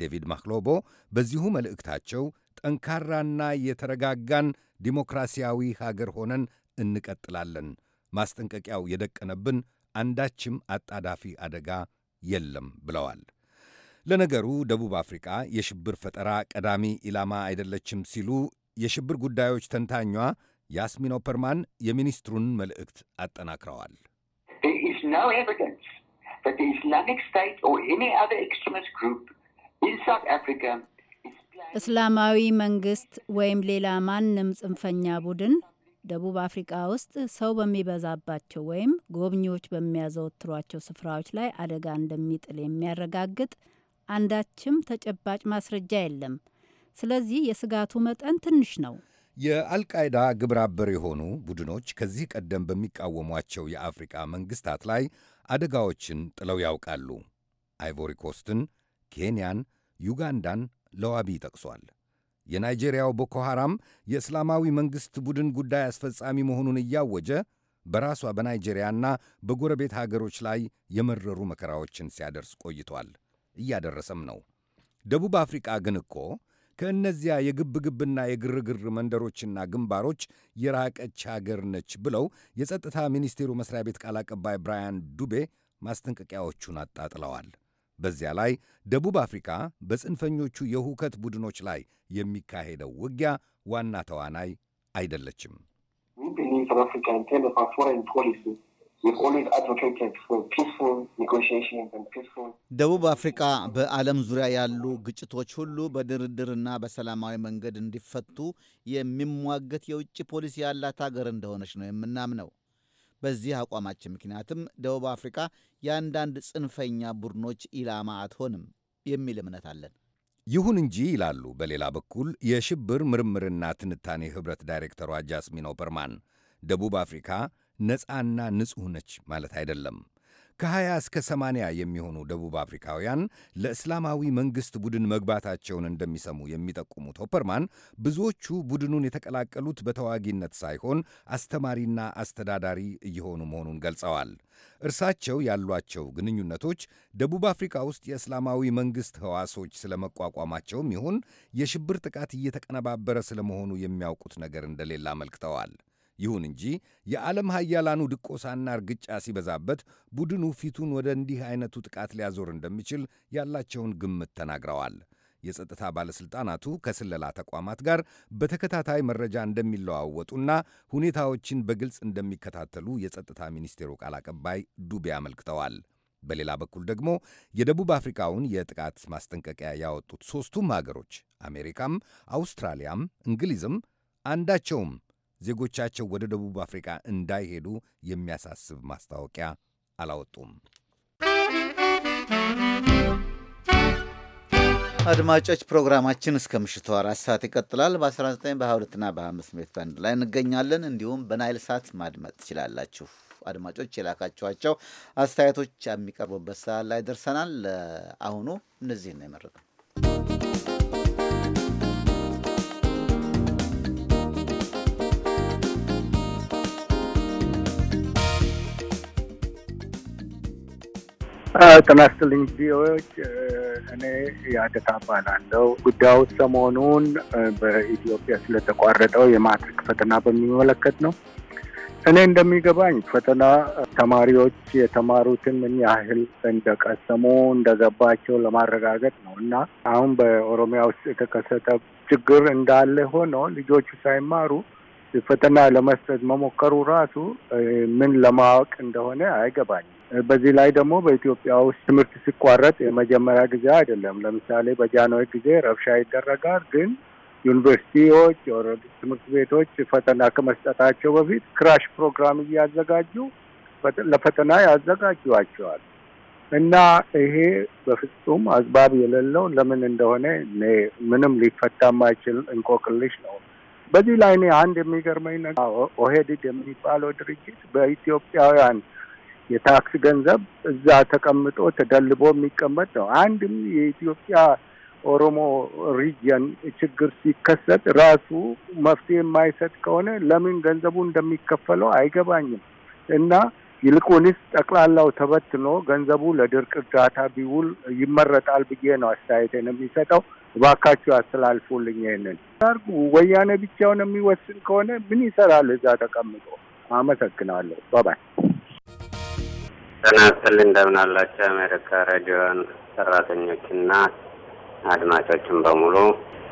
ዴቪድ ማክሎቦ በዚሁ መልእክታቸው ጠንካራና የተረጋጋን ዲሞክራሲያዊ ሀገር ሆነን እንቀጥላለን፣ ማስጠንቀቂያው የደቀነብን አንዳችም አጣዳፊ አደጋ የለም ብለዋል። ለነገሩ ደቡብ አፍሪቃ የሽብር ፈጠራ ቀዳሚ ኢላማ አይደለችም ሲሉ የሽብር ጉዳዮች ተንታኟ ያስሚን ኦፐርማን የሚኒስትሩን መልእክት አጠናክረዋል። እስላማዊ መንግስት ወይም ሌላ ማንም ጽንፈኛ ቡድን ደቡብ አፍሪቃ ውስጥ ሰው በሚበዛባቸው ወይም ጎብኚዎች በሚያዘወትሯቸው ስፍራዎች ላይ አደጋ እንደሚጥል የሚያረጋግጥ አንዳችም ተጨባጭ ማስረጃ የለም። ስለዚህ የስጋቱ መጠን ትንሽ ነው። የአልቃይዳ ግብረ የሆኑ ቡድኖች ከዚህ ቀደም በሚቃወሟቸው የአፍሪቃ መንግሥታት ላይ አደጋዎችን ጥለው ያውቃሉ። አይቮሪኮስትን፣ ኬንያን፣ ዩጋንዳን ለዋቢ ጠቅሷል። የናይጄሪያው ቦኮ ሐራም የእስላማዊ መንግሥት ቡድን ጉዳይ አስፈጻሚ መሆኑን እያወጀ በራሷ በናይጄሪያና በጎረቤት ሀገሮች ላይ የመረሩ መከራዎችን ሲያደርስ ቆይቷል፣ እያደረሰም ነው። ደቡብ አፍሪቃ ግን እኮ ከእነዚያ የግብግብና የግርግር መንደሮችና ግንባሮች የራቀች አገር ነች ብለው የጸጥታ ሚኒስቴሩ መስሪያ ቤት ቃል አቀባይ ብራያን ዱቤ ማስጠንቀቂያዎቹን አጣጥለዋል። በዚያ ላይ ደቡብ አፍሪካ በጽንፈኞቹ የሁከት ቡድኖች ላይ የሚካሄደው ውጊያ ዋና ተዋናይ አይደለችም። ደቡብ አፍሪካ በዓለም ዙሪያ ያሉ ግጭቶች ሁሉ በድርድርና በሰላማዊ መንገድ እንዲፈቱ የሚሟገት የውጭ ፖሊሲ ያላት አገር እንደሆነች ነው የምናምነው። በዚህ አቋማችን ምክንያትም ደቡብ አፍሪካ የአንዳንድ ጽንፈኛ ቡድኖች ኢላማ አትሆንም የሚል እምነት አለን። ይሁን እንጂ ይላሉ በሌላ በኩል የሽብር ምርምርና ትንታኔ ኅብረት ዳይሬክተሯ ጃስሚን ኦፐርማን ደቡብ አፍሪካ ነፃና ንጹሕ ነች ማለት አይደለም። ከ20 እስከ 80 የሚሆኑ ደቡብ አፍሪካውያን ለእስላማዊ መንግሥት ቡድን መግባታቸውን እንደሚሰሙ የሚጠቁሙት ሆፐርማን ብዙዎቹ ቡድኑን የተቀላቀሉት በተዋጊነት ሳይሆን አስተማሪና አስተዳዳሪ እየሆኑ መሆኑን ገልጸዋል። እርሳቸው ያሏቸው ግንኙነቶች ደቡብ አፍሪካ ውስጥ የእስላማዊ መንግሥት ሕዋሶች ስለ መቋቋማቸውም ይሁን የሽብር ጥቃት እየተቀነባበረ ስለመሆኑ የሚያውቁት ነገር እንደሌለ አመልክተዋል። ይሁን እንጂ የዓለም ሀያላኑ ድቆሳና እርግጫ ሲበዛበት ቡድኑ ፊቱን ወደ እንዲህ አይነቱ ጥቃት ሊያዞር እንደሚችል ያላቸውን ግምት ተናግረዋል። የጸጥታ ባለሥልጣናቱ ከስለላ ተቋማት ጋር በተከታታይ መረጃ እንደሚለዋወጡና ሁኔታዎችን በግልጽ እንደሚከታተሉ የጸጥታ ሚኒስቴሩ ቃል አቀባይ ዱቤ አመልክተዋል። በሌላ በኩል ደግሞ የደቡብ አፍሪካውን የጥቃት ማስጠንቀቂያ ያወጡት ሦስቱም አገሮች አሜሪካም፣ አውስትራሊያም እንግሊዝም አንዳቸውም ዜጎቻቸው ወደ ደቡብ አፍሪካ እንዳይሄዱ የሚያሳስብ ማስታወቂያ አላወጡም። አድማጮች ፕሮግራማችን እስከ ምሽቱ አራት ሰዓት ይቀጥላል። በ19 በ22ና በ25 ሜትር ባንድ ላይ እንገኛለን። እንዲሁም በናይል ሳት ማድመጥ ትችላላችሁ። አድማጮች የላካችኋቸው አስተያየቶች የሚቀርቡበት ሰዓት ላይ ደርሰናል። አሁኑ እነዚህ ነው የመረጥነው። ጤና ይስጥልኝ ቪዎች እኔ የአደታ እባላለሁ። ጉዳዩ ሰሞኑን በኢትዮጵያ ስለተቋረጠው የማትሪክ ፈተና በሚመለከት ነው። እኔ እንደሚገባኝ ፈተና ተማሪዎች የተማሩትን ምን ያህል እንደቀሰሙ እንደገባቸው ለማረጋገጥ ነው እና አሁን በኦሮሚያ ውስጥ የተከሰተ ችግር እንዳለ ሆኖ ልጆቹ ሳይማሩ ፈተና ለመስጠት መሞከሩ ራሱ ምን ለማወቅ እንደሆነ አይገባኝም። በዚህ ላይ ደግሞ በኢትዮጵያ ውስጥ ትምህርት ሲቋረጥ የመጀመሪያ ጊዜ አይደለም። ለምሳሌ በጃንሆይ ጊዜ ረብሻ ይደረጋል። ግን ዩኒቨርሲቲዎች፣ ትምህርት ቤቶች ፈተና ከመስጠታቸው በፊት ክራሽ ፕሮግራም እያዘጋጁ ለፈተና ያዘጋጇቸዋል። እና ይሄ በፍጹም አግባብ የሌለው ለምን እንደሆነ ምንም ሊፈታ የማይችል እንቆቅልሽ ነው። በዚህ ላይ እኔ አንድ የሚገርመኝ ነገር የሚባለው ድርጅት በኢትዮጵያውያን የታክስ ገንዘብ እዛ ተቀምጦ ተደልቦ የሚቀመጥ ነው። አንድም የኢትዮጵያ ኦሮሞ ሪጅን ችግር ሲከሰት ራሱ መፍትሄ የማይሰጥ ከሆነ ለምን ገንዘቡ እንደሚከፈለው አይገባኝም እና ይልቁንስ ጠቅላላው ተበትኖ ገንዘቡ ለድርቅ እርዳታ ቢውል ይመረጣል ብዬ ነው አስተያየትን የሚሰጠው። እባካችሁ አስተላልፉልኝ። ይህንን። አድርጉ። ወያኔ ብቻውን የሚወስን ከሆነ ምን ይሰራል እዛ ተቀምጦ? አመሰግናለሁ። ባባይ ጤና ይስጥልኝ። እንደምን አላችሁ? የአሜሪካ ሬዲዮን ሰራተኞችና አድማጮችን በሙሉ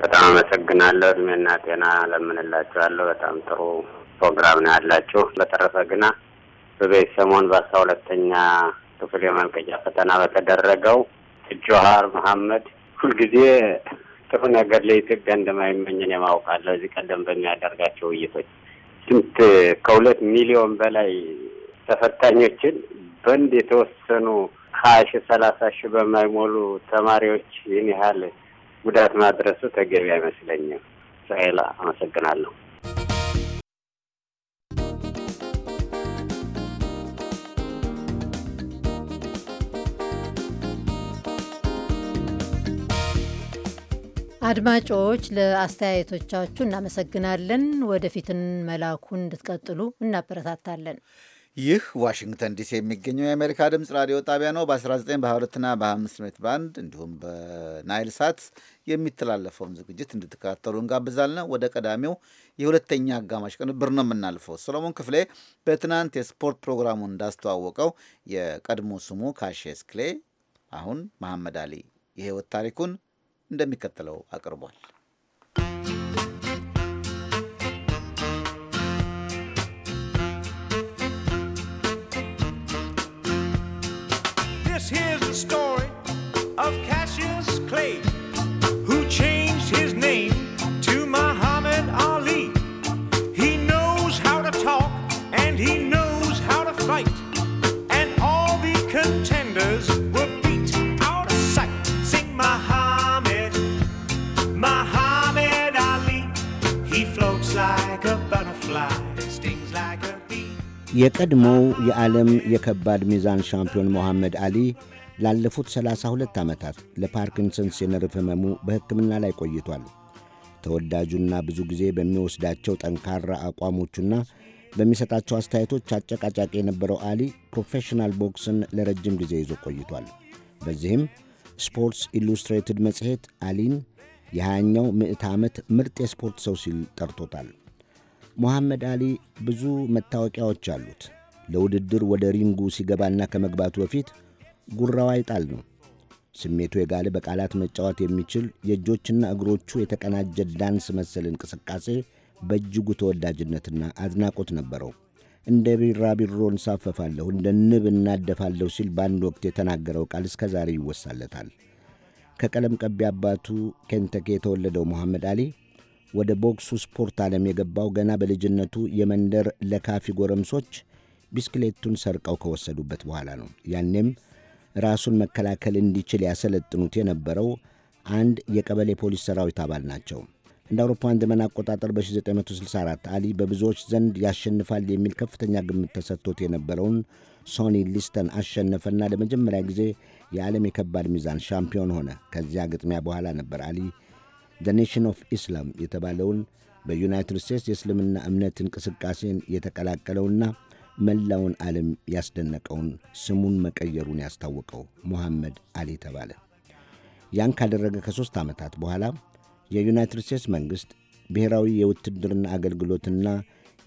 በጣም አመሰግናለሁ። እድሜና ጤና ለምንላችኋለሁ። በጣም ጥሩ ፕሮግራም ነው ያላችሁ። በተረፈ ግና በቤት ሰሞን በአስራ ሁለተኛ ክፍል የመልቀቂያ ፈተና በተደረገው ጆሀር መሀመድ ሁልጊዜ ጥሩ ነገር ለኢትዮጵያ እንደማይመኝን የማውቃለሁ። እዚህ ቀደም በሚያደርጋቸው ውይይቶች ስንት ከሁለት ሚሊዮን በላይ ተፈታኞችን በአንድ የተወሰኑ ሀያ ሺ ሰላሳ ሺ በማይሞሉ ተማሪዎች ይህን ያህል ጉዳት ማድረሱ ተገቢ አይመስለኝም። እስራኤል አመሰግናለሁ። አድማጮች ለአስተያየቶቻችሁ እናመሰግናለን። ወደፊትን መላኩን እንድትቀጥሉ እናበረታታለን። ይህ ዋሽንግተን ዲሲ የሚገኘው የአሜሪካ ድምፅ ራዲዮ ጣቢያ ነው። በ19 በ22ና በ25 ሜትር ባንድ እንዲሁም በናይል ሳት የሚተላለፈውን ዝግጅት እንድትከታተሉ እንጋብዛለን። ወደ ቀዳሚው የሁለተኛ አጋማሽ ቅንብር ነው የምናልፈው። ሰሎሞን ክፍሌ በትናንት የስፖርት ፕሮግራሙን እንዳስተዋወቀው የቀድሞ ስሙ ካሼስ ክሌ አሁን መሐመድ አሊ የህይወት ታሪኩን እንደሚከተለው አቅርቧል። Yes, here's the story of Cassius Clay. የቀድሞው የዓለም የከባድ ሚዛን ሻምፒዮን መሐመድ አሊ ላለፉት 32 ዓመታት ለፓርኪንሰንስ የነርቭ ሕመሙ በሕክምና ላይ ቆይቷል። ተወዳጁና ብዙ ጊዜ በሚወስዳቸው ጠንካራ አቋሞቹና በሚሰጣቸው አስተያየቶች አጨቃጫቂ የነበረው አሊ ፕሮፌሽናል ቦክስን ለረጅም ጊዜ ይዞ ቆይቷል። በዚህም ስፖርትስ ኢሉስትሬትድ መጽሔት አሊን የ20ኛው ምዕት ዓመት ምርጥ የስፖርት ሰው ሲል ጠርቶታል። ሙሐመድ አሊ ብዙ መታወቂያዎች አሉት። ለውድድር ወደ ሪንጉ ሲገባና ከመግባቱ በፊት ጉራው አይጣል ነው። ስሜቱ የጋለ በቃላት መጫወት የሚችል የእጆችና እግሮቹ የተቀናጀ ዳንስ መሰል እንቅስቃሴ በእጅጉ ተወዳጅነትና አድናቆት ነበረው። እንደ ቢራቢሮ እንሳፈፋለሁ፣ እንደ ንብ እናደፋለሁ ሲል በአንድ ወቅት የተናገረው ቃል እስከ ዛሬ ይወሳለታል። ከቀለም ቀቢ አባቱ ኬንተኪ የተወለደው ሞሐመድ አሊ ወደ ቦክሱ ስፖርት ዓለም የገባው ገና በልጅነቱ የመንደር ለካፊ ጎረምሶች ቢስክሌቱን ሰርቀው ከወሰዱበት በኋላ ነው። ያኔም ራሱን መከላከል እንዲችል ያሰለጥኑት የነበረው አንድ የቀበሌ ፖሊስ ሰራዊት አባል ናቸው። እንደ አውሮፓውያን ዘመን አቆጣጠር በ1964 አሊ በብዙዎች ዘንድ ያሸንፋል የሚል ከፍተኛ ግምት ተሰጥቶት የነበረውን ሶኒ ሊስተን አሸነፈና ለመጀመሪያ ጊዜ የዓለም የከባድ ሚዛን ሻምፒዮን ሆነ። ከዚያ ግጥሚያ በኋላ ነበር አሊ ዘ ኔሽን ኦፍ ኢስላም የተባለውን በዩናይትድ ስቴትስ የእስልምና እምነት እንቅስቃሴን የተቀላቀለውና መላውን ዓለም ያስደነቀውን ስሙን መቀየሩን ያስታወቀው ሙሐመድ አሊ ተባለ። ያን ካደረገ ከሦስት ዓመታት በኋላ የዩናይትድ ስቴትስ መንግሥት ብሔራዊ የውትድርና አገልግሎትና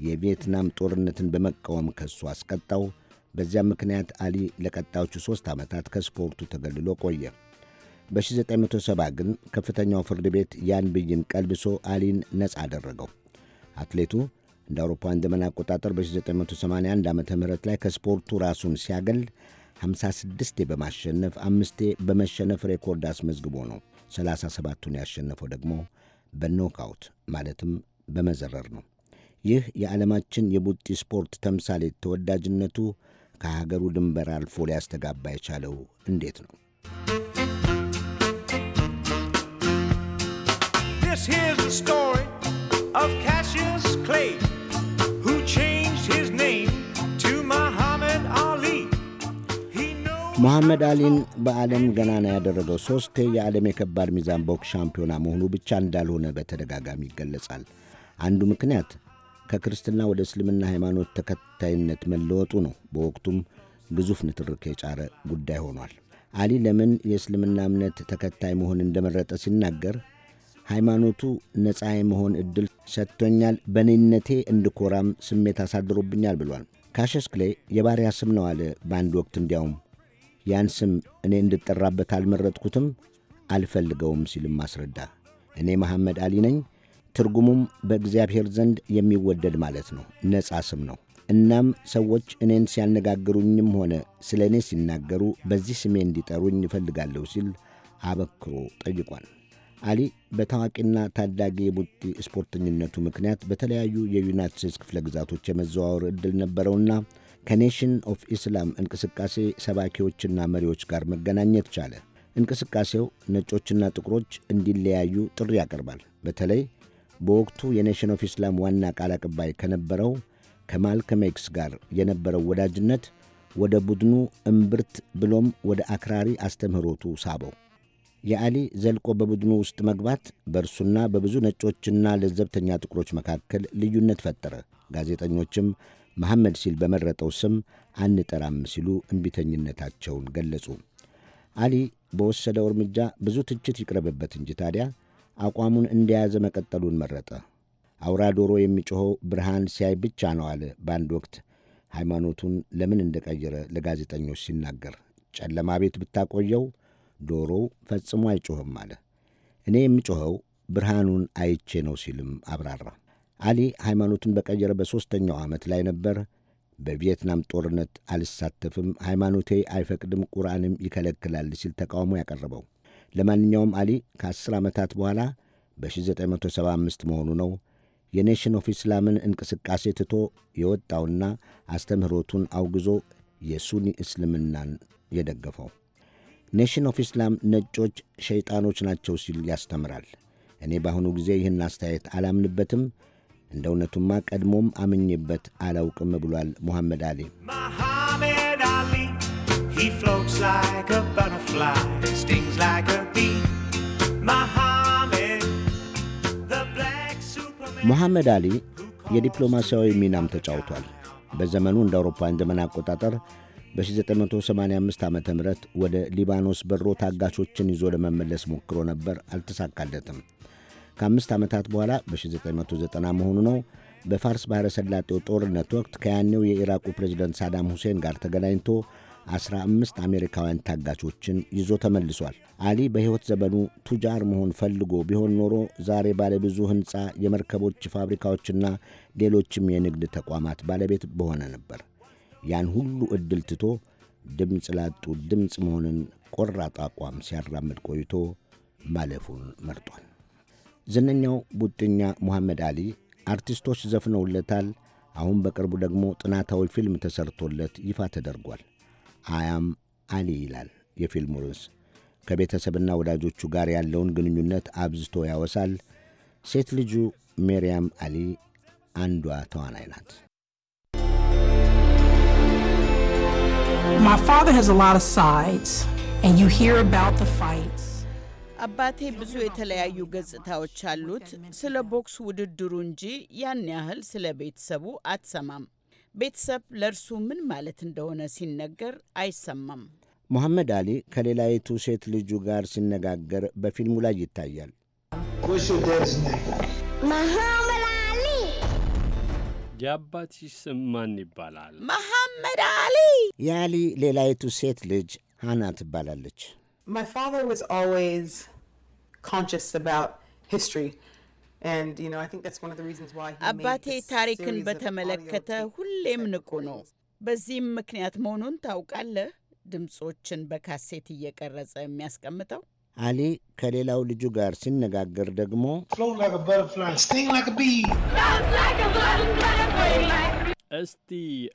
የቪየትናም ጦርነትን በመቃወም ከሱ አስቀጣው። በዚያም ምክንያት አሊ ለቀጣዮቹ ሦስት ዓመታት ከስፖርቱ ተገልሎ ቆየ። በ1970 ግን ከፍተኛው ፍርድ ቤት ያን ብይን ቀልብሶ አሊን ነፃ አደረገው። አትሌቱ እንደ አውሮፓውያን ዘመን አቆጣጠር በ1981 ዓ ም ላይ ከስፖርቱ ራሱን ሲያገል 56ቴ በማሸነፍ አምስቴ በመሸነፍ ሬኮርድ አስመዝግቦ ነው። 37ቱን ያሸነፈው ደግሞ በኖካውት ማለትም በመዘረር ነው። ይህ የዓለማችን የቡጢ ስፖርት ተምሳሌት ተወዳጅነቱ ከሀገሩ ድንበር አልፎ ሊያስተጋባ የቻለው እንዴት ነው? here's the story of Cassius Clay, who changed his name to Muhammad Ali. መሐመድ አሊን በዓለም ገናና ያደረገው ሦስቴ የዓለም የከባድ ሚዛን ቦክስ ሻምፒዮና መሆኑ ብቻ እንዳልሆነ በተደጋጋሚ ይገለጻል። አንዱ ምክንያት ከክርስትና ወደ እስልምና ሃይማኖት ተከታይነት መለወጡ ነው። በወቅቱም ግዙፍ ንትርክ የጫረ ጉዳይ ሆኗል። አሊ ለምን የእስልምና እምነት ተከታይ መሆን እንደመረጠ ሲናገር ሃይማኖቱ ነፃ የመሆን ዕድል ሰጥቶኛል፣ በኔነቴ እንድኮራም ስሜት አሳድሮብኛል ብሏል። ካሸስ ክሌ የባሪያ ስም ነው አለ በአንድ ወቅት። እንዲያውም ያን ስም እኔ እንድጠራበት አልመረጥኩትም፣ አልፈልገውም ሲልም አስረዳ። እኔ መሐመድ አሊ ነኝ፣ ትርጉሙም በእግዚአብሔር ዘንድ የሚወደድ ማለት ነው። ነፃ ስም ነው። እናም ሰዎች እኔን ሲያነጋግሩኝም ሆነ ስለ እኔ ሲናገሩ በዚህ ስሜ እንዲጠሩኝ እፈልጋለሁ ሲል አበክሮ ጠይቋል። አሊ በታዋቂና ታዳጊ የቡጢ ስፖርተኝነቱ ምክንያት በተለያዩ የዩናይትድ ስቴትስ ክፍለ ግዛቶች የመዘዋወር ዕድል ነበረውና ከኔሽን ኦፍ ኢስላም እንቅስቃሴ ሰባኪዎችና መሪዎች ጋር መገናኘት ቻለ። እንቅስቃሴው ነጮችና ጥቁሮች እንዲለያዩ ጥሪ ያቀርባል። በተለይ በወቅቱ የኔሽን ኦፍ ኢስላም ዋና ቃል አቀባይ ከነበረው ከማልከም ኤክስ ጋር የነበረው ወዳጅነት ወደ ቡድኑ እምብርት ብሎም ወደ አክራሪ አስተምህሮቱ ሳበው። የአሊ ዘልቆ በቡድኑ ውስጥ መግባት በእርሱና በብዙ ነጮችና ለዘብተኛ ጥቁሮች መካከል ልዩነት ፈጠረ። ጋዜጠኞችም መሐመድ ሲል በመረጠው ስም አንጠራም ሲሉ እምቢተኝነታቸውን ገለጹ። አሊ በወሰደው እርምጃ ብዙ ትችት ይቅረብበት እንጂ ታዲያ አቋሙን እንደያዘ መቀጠሉን መረጠ። አውራ ዶሮ የሚጮኸው ብርሃን ሲያይ ብቻ ነው አለ በአንድ ወቅት ሃይማኖቱን ለምን እንደቀየረ ለጋዜጠኞች ሲናገር። ጨለማ ቤት ብታቆየው ዶሮው ፈጽሞ አይጮኸም አለ። እኔ የምጮኸው ብርሃኑን አይቼ ነው ሲልም አብራራ። አሊ ሃይማኖቱን በቀየረ በሦስተኛው ዓመት ላይ ነበር። በቪየትናም ጦርነት አልሳተፍም፣ ሃይማኖቴ አይፈቅድም፣ ቁርአንም ይከለክላል ሲል ተቃውሞ ያቀረበው። ለማንኛውም አሊ ከአስር ዓመታት በኋላ በ1975 መሆኑ ነው የኔሽን ኦፍ ኢስላምን እንቅስቃሴ ትቶ የወጣውና አስተምህሮቱን አውግዞ የሱኒ እስልምናን የደገፈው። ኔሽን ኦፍ ኢስላም ነጮች ሸይጣኖች ናቸው ሲል ያስተምራል። እኔ በአሁኑ ጊዜ ይህን አስተያየት አላምንበትም። እንደ እውነቱማ ቀድሞም አምኜበት አላውቅም ብሏል ሙሐመድ አሊ። ሙሐመድ አሊ የዲፕሎማሲያዊ ሚናም ተጫውቷል። በዘመኑ እንደ አውሮፓውያን ዘመን አቆጣጠር በ1985 ዓ ም ወደ ሊባኖስ በሮ ታጋቾችን ይዞ ለመመለስ ሞክሮ ነበር፣ አልተሳካለትም። ከአምስት ዓመታት በኋላ በ1990 መሆኑ ነው። በፋርስ ባሕረ ሰላጤው ጦርነት ወቅት ከያኔው የኢራቁ ፕሬዚደንት ሳዳም ሁሴን ጋር ተገናኝቶ 15 አሜሪካውያን ታጋቾችን ይዞ ተመልሷል። አሊ በሕይወት ዘመኑ ቱጃር መሆን ፈልጎ ቢሆን ኖሮ ዛሬ ባለብዙ ሕንፃ የመርከቦች ፋብሪካዎችና ሌሎችም የንግድ ተቋማት ባለቤት በሆነ ነበር። ያን ሁሉ ዕድል ትቶ ድምፅ ላጡ ድምፅ መሆንን ቆራጥ አቋም ሲያራምድ ቆይቶ ማለፉን መርጧል። ዝነኛው ቡጥኛ ሙሐመድ አሊ አርቲስቶች ዘፍነውለታል። አሁን በቅርቡ ደግሞ ጥናታዊ ፊልም ተሰርቶለት ይፋ ተደርጓል። አያም አሊ ይላል የፊልሙ ርዕስ። ከቤተሰብና ወዳጆቹ ጋር ያለውን ግንኙነት አብዝቶ ያወሳል። ሴት ልጁ ሜርያም አሊ አንዷ ተዋናይ ናት። My father has a lot of sides, and you hear about the አባቴ ብዙ የተለያዩ ገጽታዎች አሉት። ስለ ቦክስ ውድድሩ እንጂ ያን ያህል ስለ ቤተሰቡ አትሰማም። ቤተሰብ ለእርሱ ምን ማለት እንደሆነ ሲነገር አይሰማም። ሙሐመድ አሊ ከሌላይቱ ሴት ልጁ ጋር ሲነጋገር በፊልሙ ላይ ይታያል። የአባትሽ ስም ማን ይባላል? መሐመድ አሊ። የአሊ ሌላይቱ ሴት ልጅ ሃና ትባላለች። አባቴ ታሪክን በተመለከተ ሁሌም ንቁ ነው። በዚህም ምክንያት መሆኑን ታውቃለህ፣ ድምፆችን በካሴት እየቀረጸ የሚያስቀምጠው አሊ ከሌላው ልጁ ጋር ሲነጋገር ደግሞ እስቲ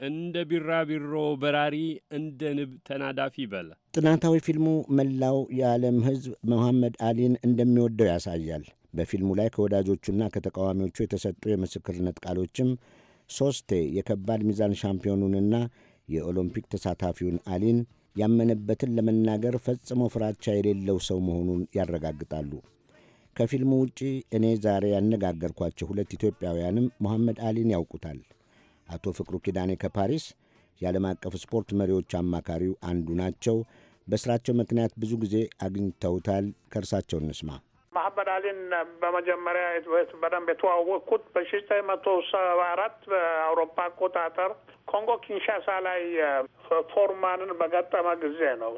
እንደ ቢራቢሮ በራሪ እንደ ንብ ተናዳፊ በል። ጥናታዊ ፊልሙ መላው የዓለም ሕዝብ መሐመድ አሊን እንደሚወደው ያሳያል። በፊልሙ ላይ ከወዳጆቹና ከተቃዋሚዎቹ የተሰጡ የምስክርነት ቃሎችም ሦስቴ የከባድ ሚዛን ሻምፒዮኑንና የኦሎምፒክ ተሳታፊውን አሊን ያመነበትን ለመናገር ፈጽሞ ፍራቻ የሌለው ሰው መሆኑን ያረጋግጣሉ። ከፊልሙ ውጪ እኔ ዛሬ ያነጋገርኳቸው ሁለት ኢትዮጵያውያንም መሐመድ አሊን ያውቁታል። አቶ ፍቅሩ ኪዳኔ ከፓሪስ የዓለም አቀፍ ስፖርት መሪዎች አማካሪው አንዱ ናቸው። በሥራቸው ምክንያት ብዙ ጊዜ አግኝተውታል። ከእርሳቸው እንስማ። መሐመድ አሊን በመጀመሪያ በደንብ የተዋወቅኩት በሺ ዘጠኝ መቶ ሰባ አራት በአውሮፓ አቆጣጠር ኮንጎ ኪንሻሳ ላይ ፎርማንን በገጠመ ጊዜ ነው።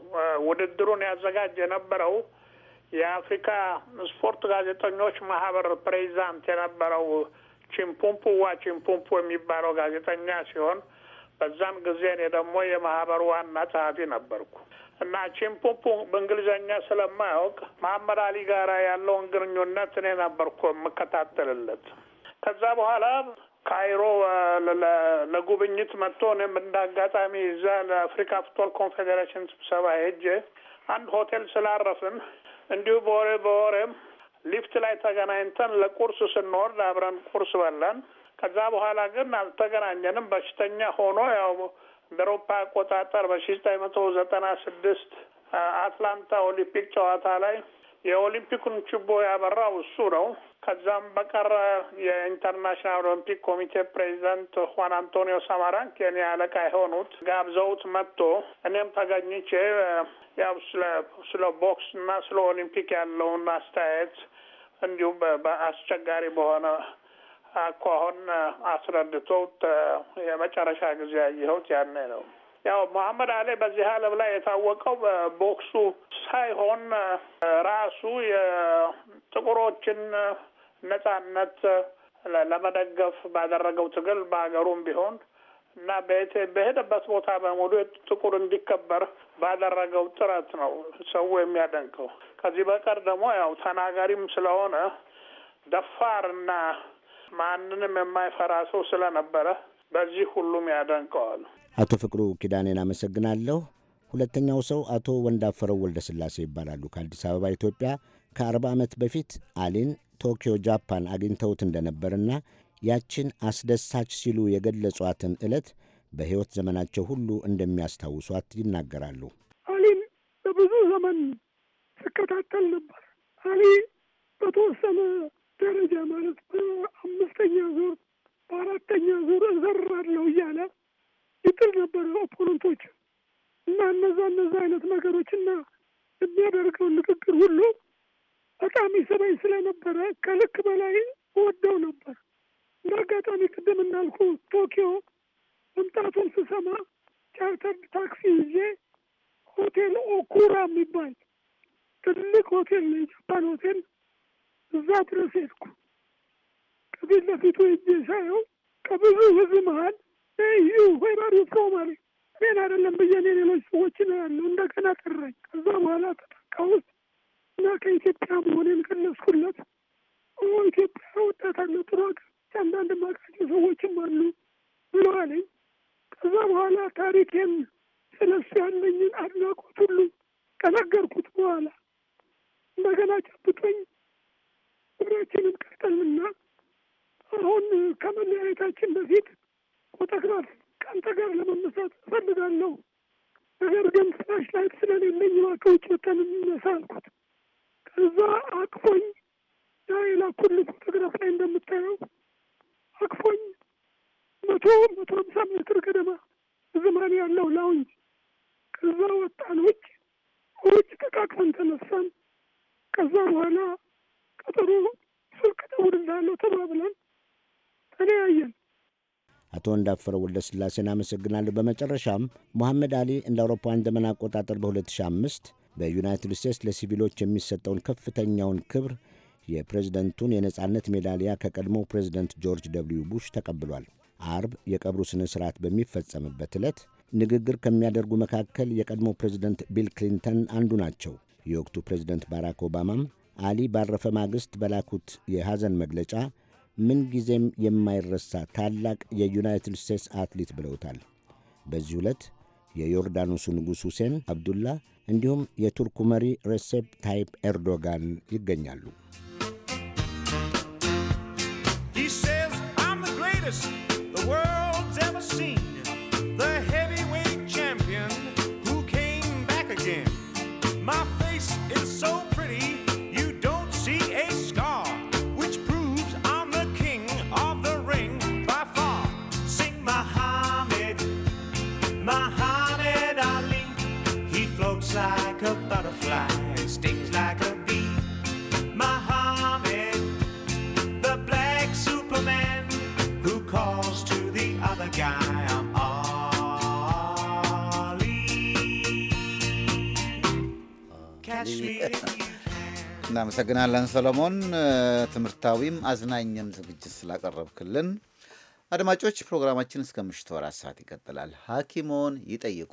ውድድሩን ያዘጋጅ የነበረው የአፍሪካ ስፖርት ጋዜጠኞች ማህበር ፕሬዚዳንት የነበረው ቺምፑምፑ ዋ ቺምፑምፑ የሚባለው ጋዜጠኛ ሲሆን በዛም ጊዜ እኔ ደግሞ የማህበሩ ዋና ጸሐፊ ነበርኩ። እና ቺምፑፑ በእንግሊዝኛ ስለማያውቅ መሐመድ አሊ ጋራ ያለውን ግንኙነት እኔ ነበርኩ የምከታተልለት። ከዛ በኋላ ካይሮ ለጉብኝት መጥቶ እኔም አጋጣሚ እዛ ለአፍሪካ ፉትቦል ኮንፌዴሬሽን ስብሰባ ሄጄ አንድ ሆቴል ስላረፍን እንዲሁ በወሬ በወሬም ሊፍት ላይ ተገናኝተን ለቁርስ ስንወርድ አብረን ቁርስ በላን። ከዛ በኋላ ግን አልተገናኘንም። በሽተኛ ሆኖ ያው በአውሮፓ አቆጣጠር በሺ ዘጠኝ መቶ ዘጠና ስድስት አትላንታ ኦሊምፒክ ጨዋታ ላይ የኦሊምፒኩን ችቦ ያበራው እሱ ነው። ከዛም በቀረ የኢንተርናሽናል ኦሎምፒክ ኮሚቴ ፕሬዚዳንት ሁዋን አንቶኒዮ ሳማራን ኬንያ አለቃ የሆኑት ጋብዘውት መጥቶ እኔም ተገኝቼ ያው ስለ ስለ ቦክስ እና ስለ ኦሊምፒክ ያለውን አስተያየት እንዲሁም በአስቸጋሪ በሆነ እኮ አሁን አስረድቶት የመጨረሻ ጊዜ ያየኸውት ያኔ ነው። ያው መሐመድ አሊ በዚህ ዓለም ላይ የታወቀው በቦክሱ ሳይሆን ራሱ የጥቁሮችን ነጻነት ለመደገፍ ባደረገው ትግል በሀገሩም ቢሆን እና በሄደበት ቦታ በሙሉ ጥቁር እንዲከበር ባደረገው ጥረት ነው ሰው የሚያደንቀው። ከዚህ በቀር ደግሞ ያው ተናጋሪም ስለሆነ ደፋር እና ማንንም የማይፈራ ሰው ስለነበረ በዚህ ሁሉም ያደንቀዋል። አቶ ፍቅሩ ኪዳኔን አመሰግናለሁ። ሁለተኛው ሰው አቶ ወንዳፈረው ወልደ ስላሴ ይባላሉ። ከአዲስ አበባ ኢትዮጵያ ከ40 ዓመት በፊት አሊን ቶኪዮ ጃፓን አግኝተውት እንደነበርና ያችን አስደሳች ሲሉ የገለጿትን ዕለት በሕይወት ዘመናቸው ሁሉ እንደሚያስታውሷት ይናገራሉ። አሊን በብዙ ዘመን ትከታተል ነበር። አሊ በተወሰነ ደረጃ ማለት በአምስተኛ ዙር በአራተኛ ዙር እዘራለሁ እያለ ይጥል ነበረ ኦፖነንቶች እና እነዛ እነዛ አይነት ነገሮችና የሚያደርገው ንግግር ሁሉ በጣም ይስበኝ ስለነበረ ከልክ በላይ ወደው ነበር። እንደ አጋጣሚ ቅድም እንዳልኩ ቶኪዮ መምጣቱን ስሰማ ቻርተር ታክሲ ይዤ ሆቴል ኦኩራ የሚባል ትልቅ ሆቴል ነው፣ የጃፓን ሆቴል እዛ ድረስ ሄድኩ። ከፊት ለፊቱ እጅ ሳየው ከብዙ ህዝብ መሀል እዩ ወይራር የሰው ማለት እኔን አይደለም ብዬ እኔ ሌሎች ሰዎችን ያለው እንደገና ጠራኝ። ከዛ በኋላ ተጠቃ ውስጥ እና ከኢትዮጵያ መሆኔን ገለጽኩለት። ኢትዮጵያ ወዳታለ ጥሩ ሀገር፣ አንዳንድ ማቃቸው ሰዎችም አሉ ብሎ አለኝ። ከዛ በኋላ ታሪኬን ስለሱ ያለኝን አድናቆት ሁሉ ከነገርኩት በኋላ እንደገና ጨብጦኝ ወሬዎችን ቀጠልና አሁን ከመለያየታችን በፊት ፎቶግራፍ ከአንተ ጋር ለመነሳት እፈልጋለሁ፣ ነገር ግን ፍላሽ ላይት ስለሌለኝ እባክህ ውጭ ወጥተን እንነሳ አልኩት። ከዛ አቅፎኝ ያ የላኩልህ ፎቶግራፍ ላይ እንደምታየው አቅፎኝ መቶ መቶ ሀምሳ ሜትር ገደማ ዝማን ያለው ላውንጅ ከዛ ወጣን ውጭ ውጭ ተቃቅፈን ተነሳን። ከዛ በኋላ ቀጠሮ ስልክ ደውልልሃለሁ ተባብለን ተለያየን። አቶ እንዳፈረ ወልደ አመሰግናለሁ። በመጨረሻም ሞሐመድ አሊ እንደ አውሮፓውያን ዘመን አቆጣጠር በ2005 በዩናይትድ ስቴትስ ለሲቪሎች የሚሰጠውን ከፍተኛውን ክብር የፕሬዝደንቱን የነጻነት ሜዳሊያ ከቀድሞው ፕሬዝደንት ጆርጅ ደብልዩ ቡሽ ተቀብሏል። አርብ የቀብሩ ሥነ ሥርዓት በሚፈጸምበት ዕለት ንግግር ከሚያደርጉ መካከል የቀድሞ ፕሬዝደንት ቢል ክሊንተን አንዱ ናቸው። የወቅቱ ፕሬዝደንት ባራክ ኦባማም አሊ ባረፈ ማግስት በላኩት የሐዘን መግለጫ ምንጊዜም የማይረሳ ታላቅ የዩናይትድ ስቴትስ አትሌት ብለውታል። በዚህ ዕለት የዮርዳኖሱ ንጉሥ ሁሴን አብዱላ እንዲሁም የቱርኩ መሪ ሬሴፕ ታይፕ ኤርዶጋን ይገኛሉ። He says, I'm the greatest the world's ever seen. እናመሰግናለን ሰሎሞን፣ ትምህርታዊም አዝናኝም ዝግጅት ስላቀረብክልን። አድማጮች ፕሮግራማችን እስከ ምሽቱ አራት ሰዓት ይቀጥላል። ሐኪሞን ይጠይቁ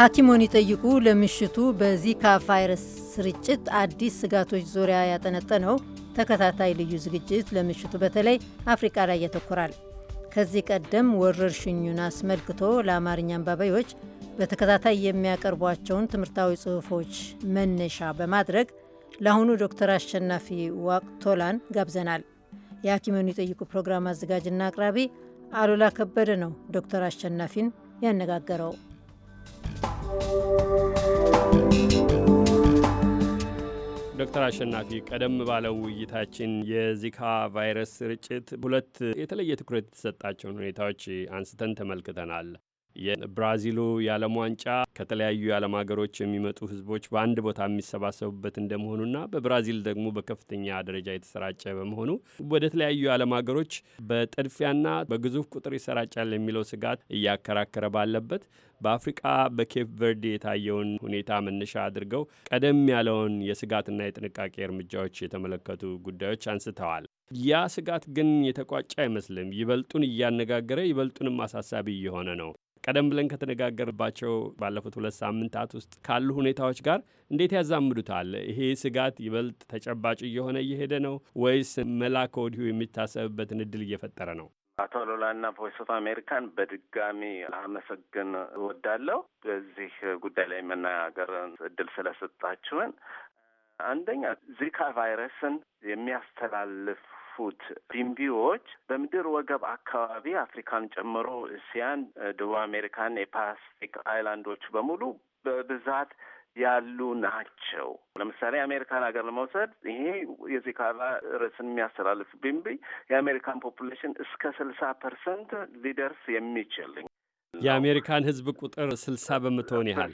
ሐኪሞን ይጠይቁ ለምሽቱ በዚካ ቫይረስ ስርጭት አዲስ ስጋቶች ዙሪያ ያጠነጠነው ተከታታይ ልዩ ዝግጅት ለምሽቱ በተለይ አፍሪቃ ላይ ያተኮራል። ከዚህ ቀደም ወረርሽኙን አስመልክቶ ለአማርኛ አንባቢዎች በተከታታይ የሚያቀርቧቸውን ትምህርታዊ ጽሑፎች መነሻ በማድረግ ለአሁኑ ዶክተር አሸናፊ ዋቅቶላን ጋብዘናል። የሐኪሙን ይጠይቁ ፕሮግራም አዘጋጅና አቅራቢ አሉላ ከበደ ነው ዶክተር አሸናፊን ያነጋገረው። ዶክተር አሸናፊ ቀደም ባለው ውይይታችን የዚካ ቫይረስ ስርጭት ሁለት የተለየ ትኩረት የተሰጣቸውን ሁኔታዎች አንስተን ተመልክተናል። የብራዚሉ የዓለም ዋንጫ ከተለያዩ የዓለም ሀገሮች የሚመጡ ህዝቦች በአንድ ቦታ የሚሰባሰቡበት እንደመሆኑና በብራዚል ደግሞ በከፍተኛ ደረጃ የተሰራጨ በመሆኑ ወደ ተለያዩ የዓለም ሀገሮች በጥድፊያና በግዙፍ ቁጥር ይሰራጫል የሚለው ስጋት እያከራከረ ባለበት በአፍሪቃ በኬፕ ቨርዴ የታየውን ሁኔታ መነሻ አድርገው ቀደም ያለውን የስጋትና የጥንቃቄ እርምጃዎች የተመለከቱ ጉዳዮች አንስተዋል። ያ ስጋት ግን የተቋጨ አይመስልም። ይበልጡን እያነጋገረ ይበልጡንም አሳሳቢ እየሆነ ነው። ቀደም ብለን ከተነጋገርባቸው ባለፉት ሁለት ሳምንታት ውስጥ ካሉ ሁኔታዎች ጋር እንዴት ያዛምዱታል? ይሄ ስጋት ይበልጥ ተጨባጭ እየሆነ እየሄደ ነው ወይስ መላ ከወዲሁ የሚታሰብበትን እድል እየፈጠረ ነው? አቶ ሎላና ቮይስ ኦፍ አሜሪካን በድጋሚ አመሰግን እወዳለሁ በዚህ ጉዳይ ላይ መናገር እድል ስለሰጣችሁን። አንደኛ ዚካ ቫይረስን የሚያስተላልፍ ቢምቢዎች በምድር ወገብ አካባቢ አፍሪካን ጨምሮ እስያን፣ ደቡብ አሜሪካን፣ የፓስፊክ አይላንዶች በሙሉ በብዛት ያሉ ናቸው። ለምሳሌ የአሜሪካን ሀገር ለመውሰድ ይሄ የዚካራ ርዕስን የሚያስተላልፍ ቢንቢ የአሜሪካን ፖፑሌሽን እስከ ስልሳ ፐርሰንት ሊደርስ የሚችል የአሜሪካን ህዝብ ቁጥር ስልሳ በመቶውን ያህል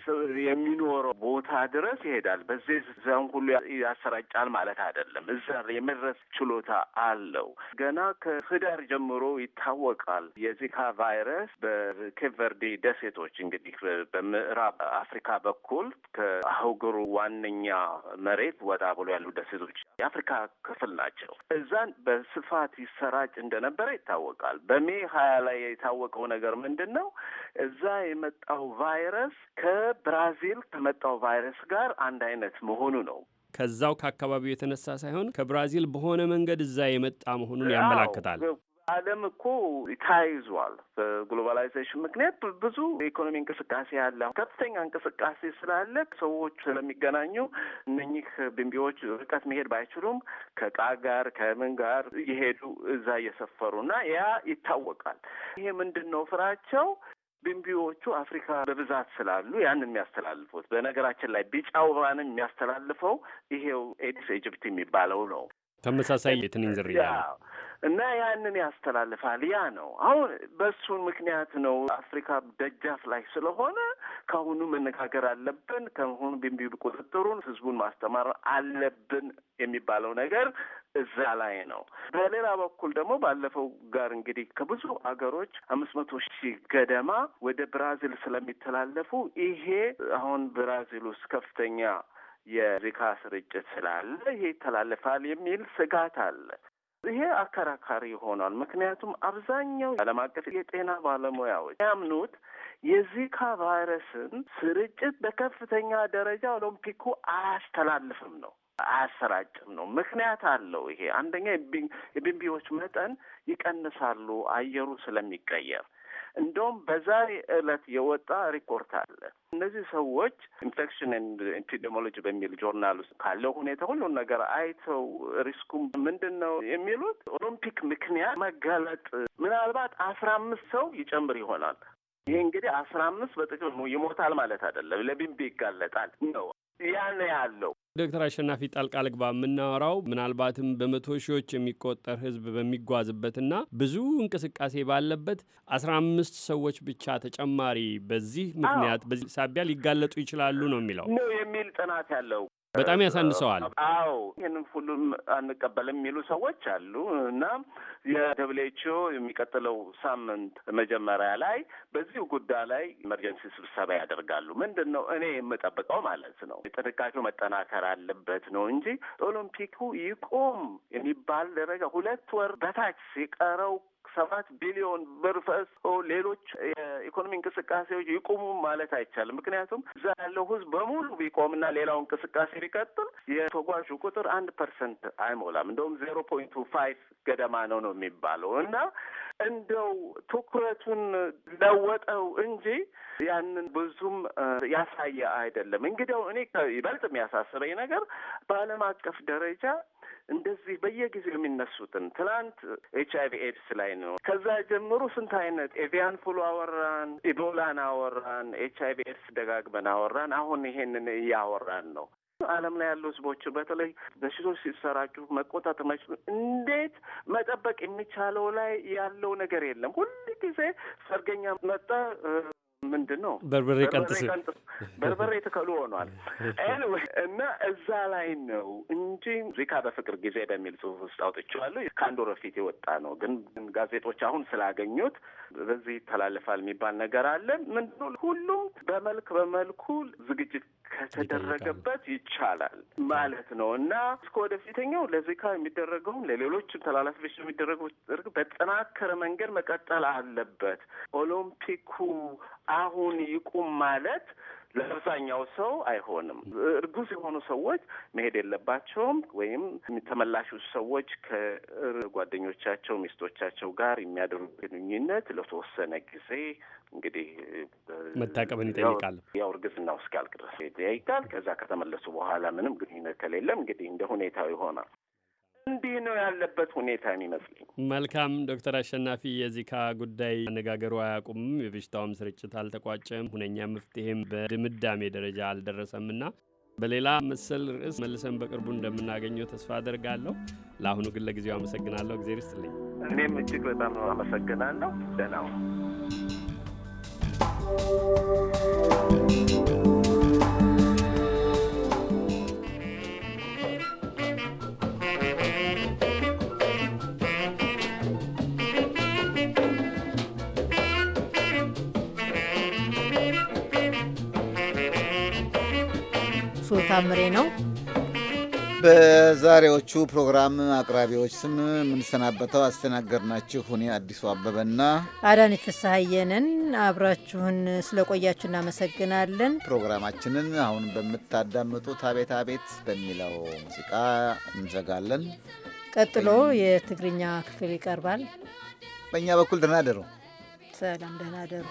የሚኖረው ቦታ ድረስ ይሄዳል። በዚህ እዚያውን ሁሉ ያሰራጫል ማለት አይደለም። እዛ የመድረስ ችሎታ አለው። ገና ከህዳር ጀምሮ ይታወቃል። የዚካ ቫይረስ በኬቨርዴ ደሴቶች እንግዲህ በምዕራብ አፍሪካ በኩል ከአህጉሩ ዋነኛ መሬት ወጣ ብሎ ያሉ ደሴቶች የአፍሪካ ክፍል ናቸው። እዛን በስፋት ይሰራጭ እንደነበረ ይታወቃል። በሜ ሀያ ላይ የታወቀው ነገር ምንድን ነው? እዛ የመጣው ቫይረስ ከብራዚል ከመጣው ቫይረስ ጋር አንድ አይነት መሆኑ ነው። ከዛው ከአካባቢው የተነሳ ሳይሆን ከብራዚል በሆነ መንገድ እዛ የመጣ መሆኑን ያመላክታል። ዓለም እኮ ተያይዟል። በግሎባላይዜሽን ምክንያት ብዙ የኢኮኖሚ እንቅስቃሴ ያለ ከፍተኛ እንቅስቃሴ ስላለ ሰዎች ስለሚገናኙ እነኚህ ብንቢዎች ርቀት መሄድ ባይችሉም ከእቃ ጋር ከምን ጋር እየሄዱ እዛ እየሰፈሩ እና ያ ይታወቃል። ይሄ ምንድን ነው ፍራቸው? ብንቢዎቹ አፍሪካ በብዛት ስላሉ ያንን የሚያስተላልፉት በነገራችን ላይ ቢጫ ወባንም የሚያስተላልፈው ይሄው ኤዲስ ኤጅፕት የሚባለው ነው። ተመሳሳይ የትንኝ ዝርያ እና ያንን ያስተላልፋል። ያ ነው አሁን በሱ ምክንያት ነው አፍሪካ ደጃፍ ላይ ስለሆነ ከአሁኑ መነጋገር አለብን፣ ከሁኑ ቢንቢ ቁጥጥሩን ህዝቡን ማስተማር አለብን የሚባለው ነገር እዛ ላይ ነው። በሌላ በኩል ደግሞ ባለፈው ጋር እንግዲህ ከብዙ አገሮች አምስት መቶ ሺህ ገደማ ወደ ብራዚል ስለሚተላለፉ ይሄ አሁን ብራዚል ውስጥ ከፍተኛ የዚካ ስርጭት ስላለ ይሄ ይተላለፋል የሚል ስጋት አለ። ይሄ አከራካሪ ይሆናል። ምክንያቱም አብዛኛው ዓለም አቀፍ የጤና ባለሙያዎች ያምኑት የዚካ ቫይረስን ስርጭት በከፍተኛ ደረጃ ኦሎምፒኩ አያስተላልፍም ነው አያሰራጭም ነው። ምክንያት አለው። ይሄ አንደኛ የቢንቢዎች መጠን ይቀንሳሉ አየሩ ስለሚቀየር እንደውም በዛሬ ዕለት የወጣ ሪፖርት አለ። እነዚህ ሰዎች ኢንፌክሽን ኤንድ በሚል ጆርናል ውስጥ ካለው ሁኔታ ሁሉን ነገር አይተው ሪስኩም ምንድን ነው የሚሉት ኦሎምፒክ ምክንያት መጋለጥ ምናልባት አስራ አምስት ሰው ይጨምር ይሆናል። ይሄ እንግዲህ አስራ አምስት በጥቅሉ ይሞታል ማለት አይደለም። ለቢምቢ ይጋለጣል ነው ያን ያለው። ዶክተር አሸናፊ ጣልቃ ልግባ። የምናወራው ምናልባትም በመቶ ሺዎች የሚቆጠር ህዝብ በሚጓዝበትና ብዙ እንቅስቃሴ ባለበት አስራ አምስት ሰዎች ብቻ ተጨማሪ በዚህ ምክንያት በዚህ ሳቢያ ሊጋለጡ ይችላሉ ነው የሚለው ነው የሚል ጥናት ያለው በጣም ያሳንሰዋል። አዎ ይህንም ሁሉም አንቀበልም የሚሉ ሰዎች አሉ እና የደብሌችኦ የሚቀጥለው ሳምንት መጀመሪያ ላይ በዚሁ ጉዳይ ላይ ኤመርጀንሲ ስብሰባ ያደርጋሉ። ምንድን ነው እኔ የምጠብቀው ማለት ነው ጥንቃቄው መጠናከር አለበት ነው እንጂ ኦሎምፒኩ ይቁም የሚባል ደረጃ ሁለት ወር በታች ሲቀረው ሰባት ቢሊዮን ብር ፈሶ ሌሎች የኢኮኖሚ እንቅስቃሴዎች ይቁሙ ማለት አይቻልም። ምክንያቱም እዛ ያለው ህዝብ በሙሉ ቢቆምና ሌላው እንቅስቃሴ ቢቀጥል የተጓዡ ቁጥር አንድ ፐርሰንት አይሞላም። እንደውም ዜሮ ፖይንቱ ፋይቭ ገደማ ነው ነው የሚባለው እና እንደው ትኩረቱን ለወጠው እንጂ ያንን ብዙም ያሳየ አይደለም። እንግዲያው እኔ ይበልጥ የሚያሳስበኝ ነገር በዓለም አቀፍ ደረጃ እንደዚህ በየጊዜው የሚነሱትን ትናንት ኤች አይቪ ኤድስ ላይ ነው። ከዛ ጀምሮ ስንት አይነት ኤቪያን ፍሉ አወራን፣ ኢቦላን አወራን፣ ኤች አይቪ ኤድስ ደጋግመን አወራን። አሁን ይሄንን እያወራን ነው። ዓለም ላይ ያሉ ህዝቦች በተለይ በሽቶች ሲሰራጩ መቆጣት ማይችሉ እንዴት መጠበቅ የሚቻለው ላይ ያለው ነገር የለም። ሁል ጊዜ ሰርገኛ መጣ ምንድን ነው በርበሬ ቀንጥስ በርበሬ ተከሉ ሆኗል። ኤኒዌይ እና እዛ ላይ ነው እንጂ ዚካ በፍቅር ጊዜ በሚል ጽሁፍ ውስጥ አውጥቼዋለሁ። ከአንድ ወር በፊት የወጣ ነው፣ ግን ጋዜጦች አሁን ስላገኙት በዚህ ይተላለፋል የሚባል ነገር አለ። ምንድነው? ሁሉም በመልክ በመልኩ ዝግጅት ከተደረገበት ይቻላል ማለት ነው እና እስከ ወደፊተኛው ለዚካ የሚደረገውም ለሌሎችም ተላላፊዎች የሚደረገው በጠናከረ መንገድ መቀጠል አለበት። ኦሎምፒኩ አሁን ይቁም ማለት ለአብዛኛው ሰው አይሆንም። እርጉዝ የሆኑ ሰዎች መሄድ የለባቸውም ወይም ተመላሹ ሰዎች ከጓደኞቻቸው ሚስቶቻቸው ጋር የሚያደሩ ግንኙነት ለተወሰነ ጊዜ እንግዲህ መታቀብን ይጠይቃል። ያው እርግዝናው እስኪያልቅ ድረስ ይጠይቃል። ከዛ ከተመለሱ በኋላ ምንም ግንኙነት ከሌለም እንግዲህ እንደ ሁኔታው ይሆናል። እንዲህ ነው ያለበት ሁኔታ የሚመስለኝ። መልካም ዶክተር አሸናፊ የዚካ ጉዳይ አነጋገሩ አያቁምም፣ የበሽታውም ስርጭት አልተቋጨም፣ ሁነኛ መፍትሄም በድምዳሜ ደረጃ አልደረሰም እና በሌላ መሰል ርዕስ መልሰን በቅርቡ እንደምናገኘው ተስፋ አደርጋለሁ። ለአሁኑ ግን ለጊዜው አመሰግናለሁ። እግዜር ይስጥልኝ። እኔም እጅግ በጣም ነው አመሰግናለሁ። ደህና ሁኑ። ታምሬ ነው። በዛሬዎቹ ፕሮግራም አቅራቢዎች ስም የምንሰናበተው አስተናገድናችሁ እኔ አዲሱ አበበና አዳነች ፍስሐየንን። አብራችሁን ስለቆያችሁ እናመሰግናለን። ፕሮግራማችንን አሁን በምታዳምጡት አቤት አቤት በሚለው ሙዚቃ እንዘጋለን። ቀጥሎ የትግርኛ ክፍል ይቀርባል። በእኛ በኩል ደህና ደሩ። ሰላም፣ ደህና ደሩ።